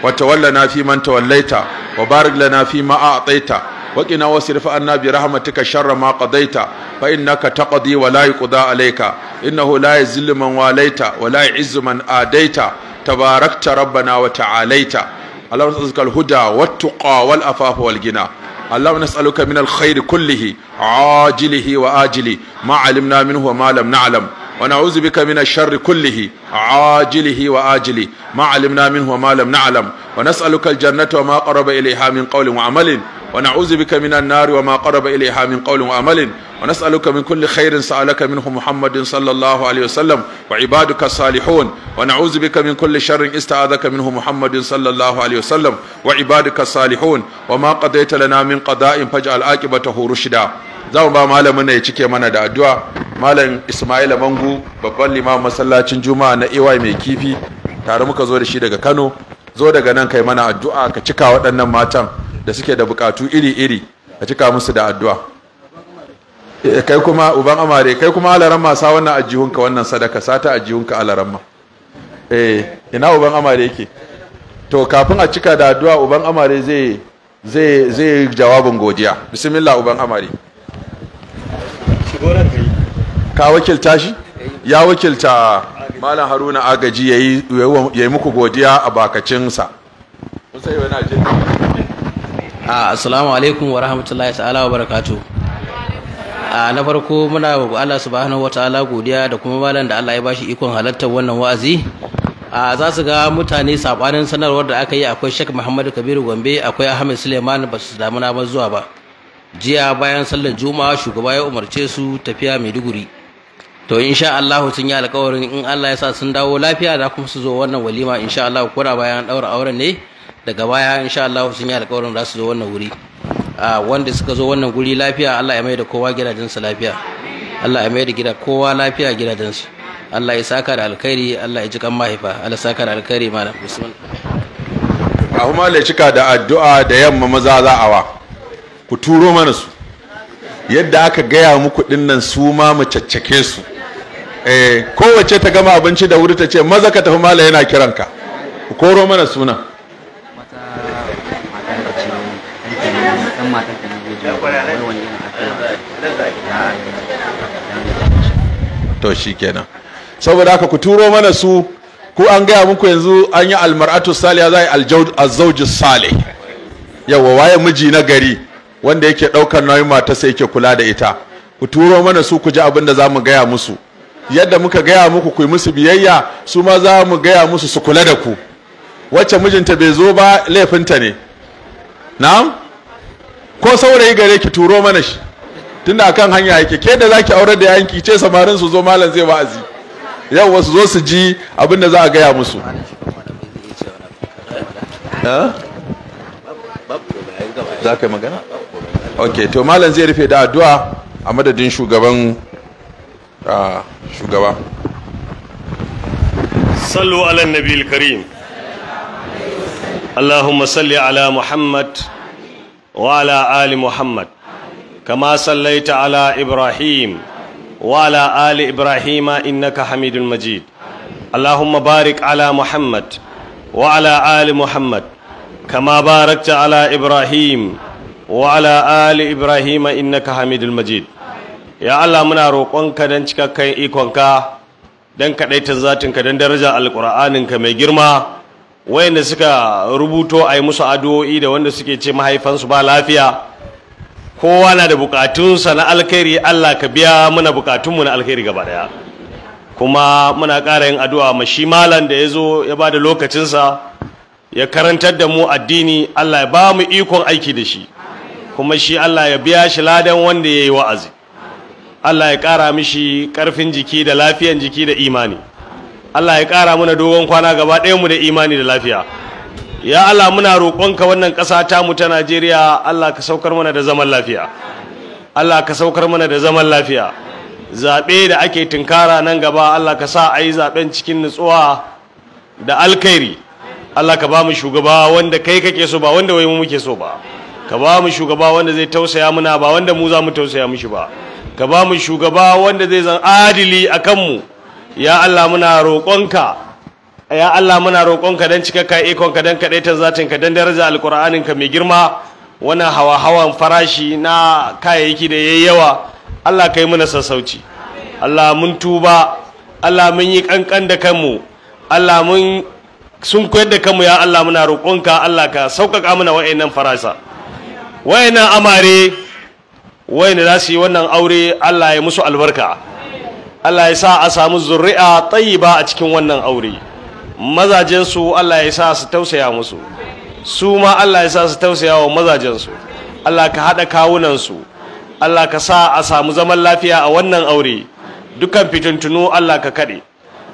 وتولنا فيمن توليت وبارك لنا فيما أعطيت وقنا واصرف عنا برحمتك شر ما قضيت فإنك تقضي ولا يقضى عليك إنه لا يذل من واليت ولا يعز من آديت تباركت ربنا وتعاليت اللهم الهدى والتقى والأفاف والغنى اللهم نسألك من الخير كله عاجله وآجله ما علمنا منه وما لم نعلم ونعوذ بك من الشر كله عاجله وآجله ما علمنا منه وما لم نعلم ونسألك الجنة وما قرب إليها من قول وعمل ونعوذ بك من النار وما قرب إليها من قول وعمل ونسألك من كل خير سألك منه محمد صلى الله عليه وسلم وعبادك الصالحون ونعوذ بك من كل شر استعاذك منه محمد صلى الله عليه وسلم وعبادك الصالحون وما قضيت لنا من قضاء فاجعل عاقبته رشدا zan ba malamin ya cike mana da addu'a malam ismail Mangu babban limamin masallacin Juma'a na ay mai kifi tare muka zo da shi daga Kano zo daga nan kai mana addu'a ka cika waɗannan matan da suke da bukatu iri-iri a cika musu da addu'a eh, kai kuma uban amare kai kuma alaramma sa wannan ajihunka wannan sadaka sata ajihunka alaramma eh ina uban amare yake to kafin a cika da addu'a uban amare zai zai zai jawabin godiya bismillah uban amare ka wakilta shi ya wakilta malam haruna agaji yayi yayi muku godiya a bakacin sa kun sai wani ajin Ah, assalamu alaikum wa rahmatullahi ta'ala wa barakatu a ah, na farko muna wa Allah subhanahu wa ta'ala godiya da kuma malam da Allah ya bashi ikon halartar wannan wa'azi a ah, za su ga mutane sabanin sanarwar da aka yi akwai Sheikh Muhammadu Kabiru Gombe akwai Ahmed Suleiman ba su damu na zuwa ba jiya bayan sallar juma'a shugaba ya umarce su tafiya mai Maiduguri to insha Allah sun yi alƙawarin in Allah ya sa sun dawo lafiya da kuma su zo wannan walima insha Allah kuna bayan ɗaura auren ne daga baya insha Allah sun yi alƙawarin za su zo wannan wuri A wanda suka zo wannan guri lafiya Allah ya mai da kowa gidajensu lafiya Allah ya mai da gida kowa lafiya gidajensu Allah ya saka da alkhairi Allah ya ji kan mahaifa Allah saka da alkhairi malam musulman a kuma cika da addu'a da yamma maza za a wa ku turo mana su yadda aka gaya muku dinnan su ma mu caccake su eh kowace ta gama abinci da wuri ta ce maza ka tafi malam yana kiranka ku koro mana sunan. to kenan saboda haka ku turo mana su ku an gaya muku yanzu an yi almar'atu saliya za a yi aljauji sale yawa waye miji na gari wanda yake ɗaukar nauyin sai yake kula da ita ku turo mana su ku ji abin da za mu gaya musu yadda muka gaya muku ku yi musu biyayya su ma za mu gaya musu su kula da ku wacce mijinta bai zo ba laifinta ne na'am ko saurayi gare ki turo mana shi tunda kan hanya yake ke da zaki aure da yanki ce samarin su zo malam zai wa'azi yau wasu zo su ji abin da za a gaya musu za ka yi magana? ok to malam zai rufe da addu'a a madadin shugaban shugaba sallu ala nabil karim allahumma salli ala muhammad wa ala ali muhammad كما صليت على إبراهيم وعلى آل إبراهيم إنك حميد مجيد اللهم بارك على محمد وعلى آل محمد كما باركت على إبراهيم وعلى آل إبراهيم إنك حميد مجيد يا الله منا روƙonka don cikakken ikonka don kaɗaitin zatinka don daraja alƙur'aninka mai girma wayanda suka rubuto a yi musu addu'o'i da wanda suke ce mahaifansu ba lafiya kowa na da bukatunsa na alkhairi Allah ka biya muna bukatunmu na alkhairi gaba daya kuma muna ƙara yin addu'a ma shi malam da ya zo ya ba da lokacinsa ya karantar da mu addini Allah ya ba mu ikon aiki da shi kuma shi Allah ya biya shi ladan wanda ya yi wa'azi Allah ya ƙara mishi ƙarfin jiki da lafiyan jiki da imani Allah ya ƙara muna dogon kwana gaba mu da imani da lafiya ya Allah muna roƙonka wannan ƙasa ta mu ta Najeriya Allah ka saukar mana da zaman lafiya Allah ka saukar mana da zaman lafiya zaɓe da ake tunkara nan gaba Allah ka sa a yi zaɓen cikin nutsuwa da alkhairi Allah ka ba mu shugaba wanda kai kake so ba wanda wai mu muke so ba ka ba mu shugaba wanda zai tausaya muna ba wanda mu za mu tausaya mishi ba ka ba mu shugaba wanda zai zan adili a kanmu ya Allah muna roƙonka ya Allah muna roƙonka don cikakka ikonka don kaɗaitar ka don daraja ka mai girma wannan hawa-hawan farashi na kayayyaki da ya yi yawa Allah ka yi muna sassauci Allah mun tuba Allah mun yi ƙanƙan da kanmu Allah mun sun koyar da kanmu ya Allah muna roƙonka Allah ka sauƙaƙa mana wa'annan farasa wa'annan amare wa'anda za su yi wannan aure Allah ya musu albarka Allah ya sa a samu zuri'a tayyiba a cikin wannan aure mazajensu Allah ya sa su tausaya musu su ma Allah ya sa su tausaya wa mazajensu Allah ka haɗa kawunansu Allah ka sa a samu zaman lafiya a wannan aure dukan fitintunu Allah ka kaɗe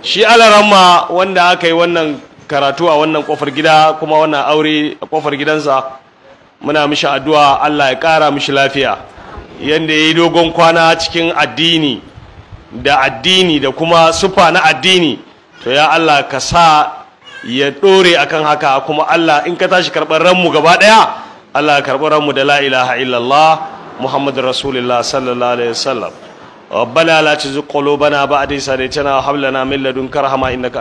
shi alarama wanda aka yi wannan karatu a wannan kofar gida kuma wannan aure a kofar gidansa muna mishi addu'a Allah ya ƙara mishi lafiya yanda ya yi dogon kwana cikin addini da addini da kuma sufa na addini to ya Allah ka sa ya dore akan haka kuma Allah in ka tashi karɓar ranmu gaba ɗaya Allah ka karɓi ranmu da la ilaha illallah muhammadur rasulullah sallallahu alaihi wasallam ربنا لا تزغ قلوبنا na إذ هديتنا وهب لنا من لدنك رحمة إنك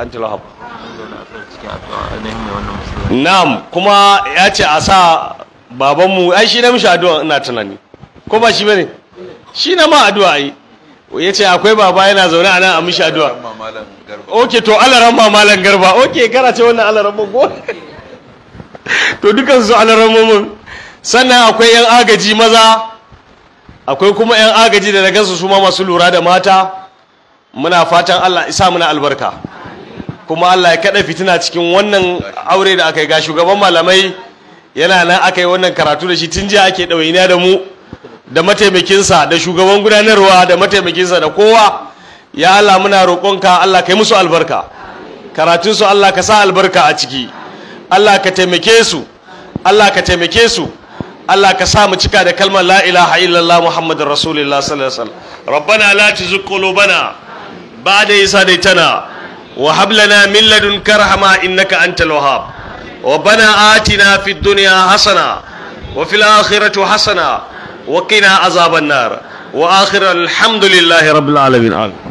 na'am kuma ya ce a sa babanmu ai shi ne mishi addu'a ina tunani ko ba shi bane shi na ma addu'a ai yace akwai baba yana zaune a nan a mishi addu'a garba ok to ma malam garba ok kana ce wannan alaramma ko to dukansu mun sannan akwai yan agaji maza akwai kuma yan agaji da na gansu su ma masu lura da mata muna fatan Allah isa muna albarka kuma Allah ya kada fitina cikin wannan aure da aka yi ga shugaban malamai yana nan aka yi wannan karatu da shi tun jiya ake ɗawainiya da mu da mataimakinsa da shugaban gudanarwa da mataimakinsa da kowa ya Allah muna roƙonka Allah kai musu albarka karatun su Allah ka sa albarka a ciki Allah ka taimake su Allah ka taimake su Allah ka sa mu cika da kalmar la ilaha illallah muhammadur rasulullah sallallahu alaihi wasallam rabbana la tuzigh qulubana ba'da idh hadaytana wa hab lana min ladunka rahma innaka antal wahhab ربنا آتنا في الدنيا حسنة وفي الآخرة حسنة وقنا عذاب النار وآخر الحمد لله رب العالمين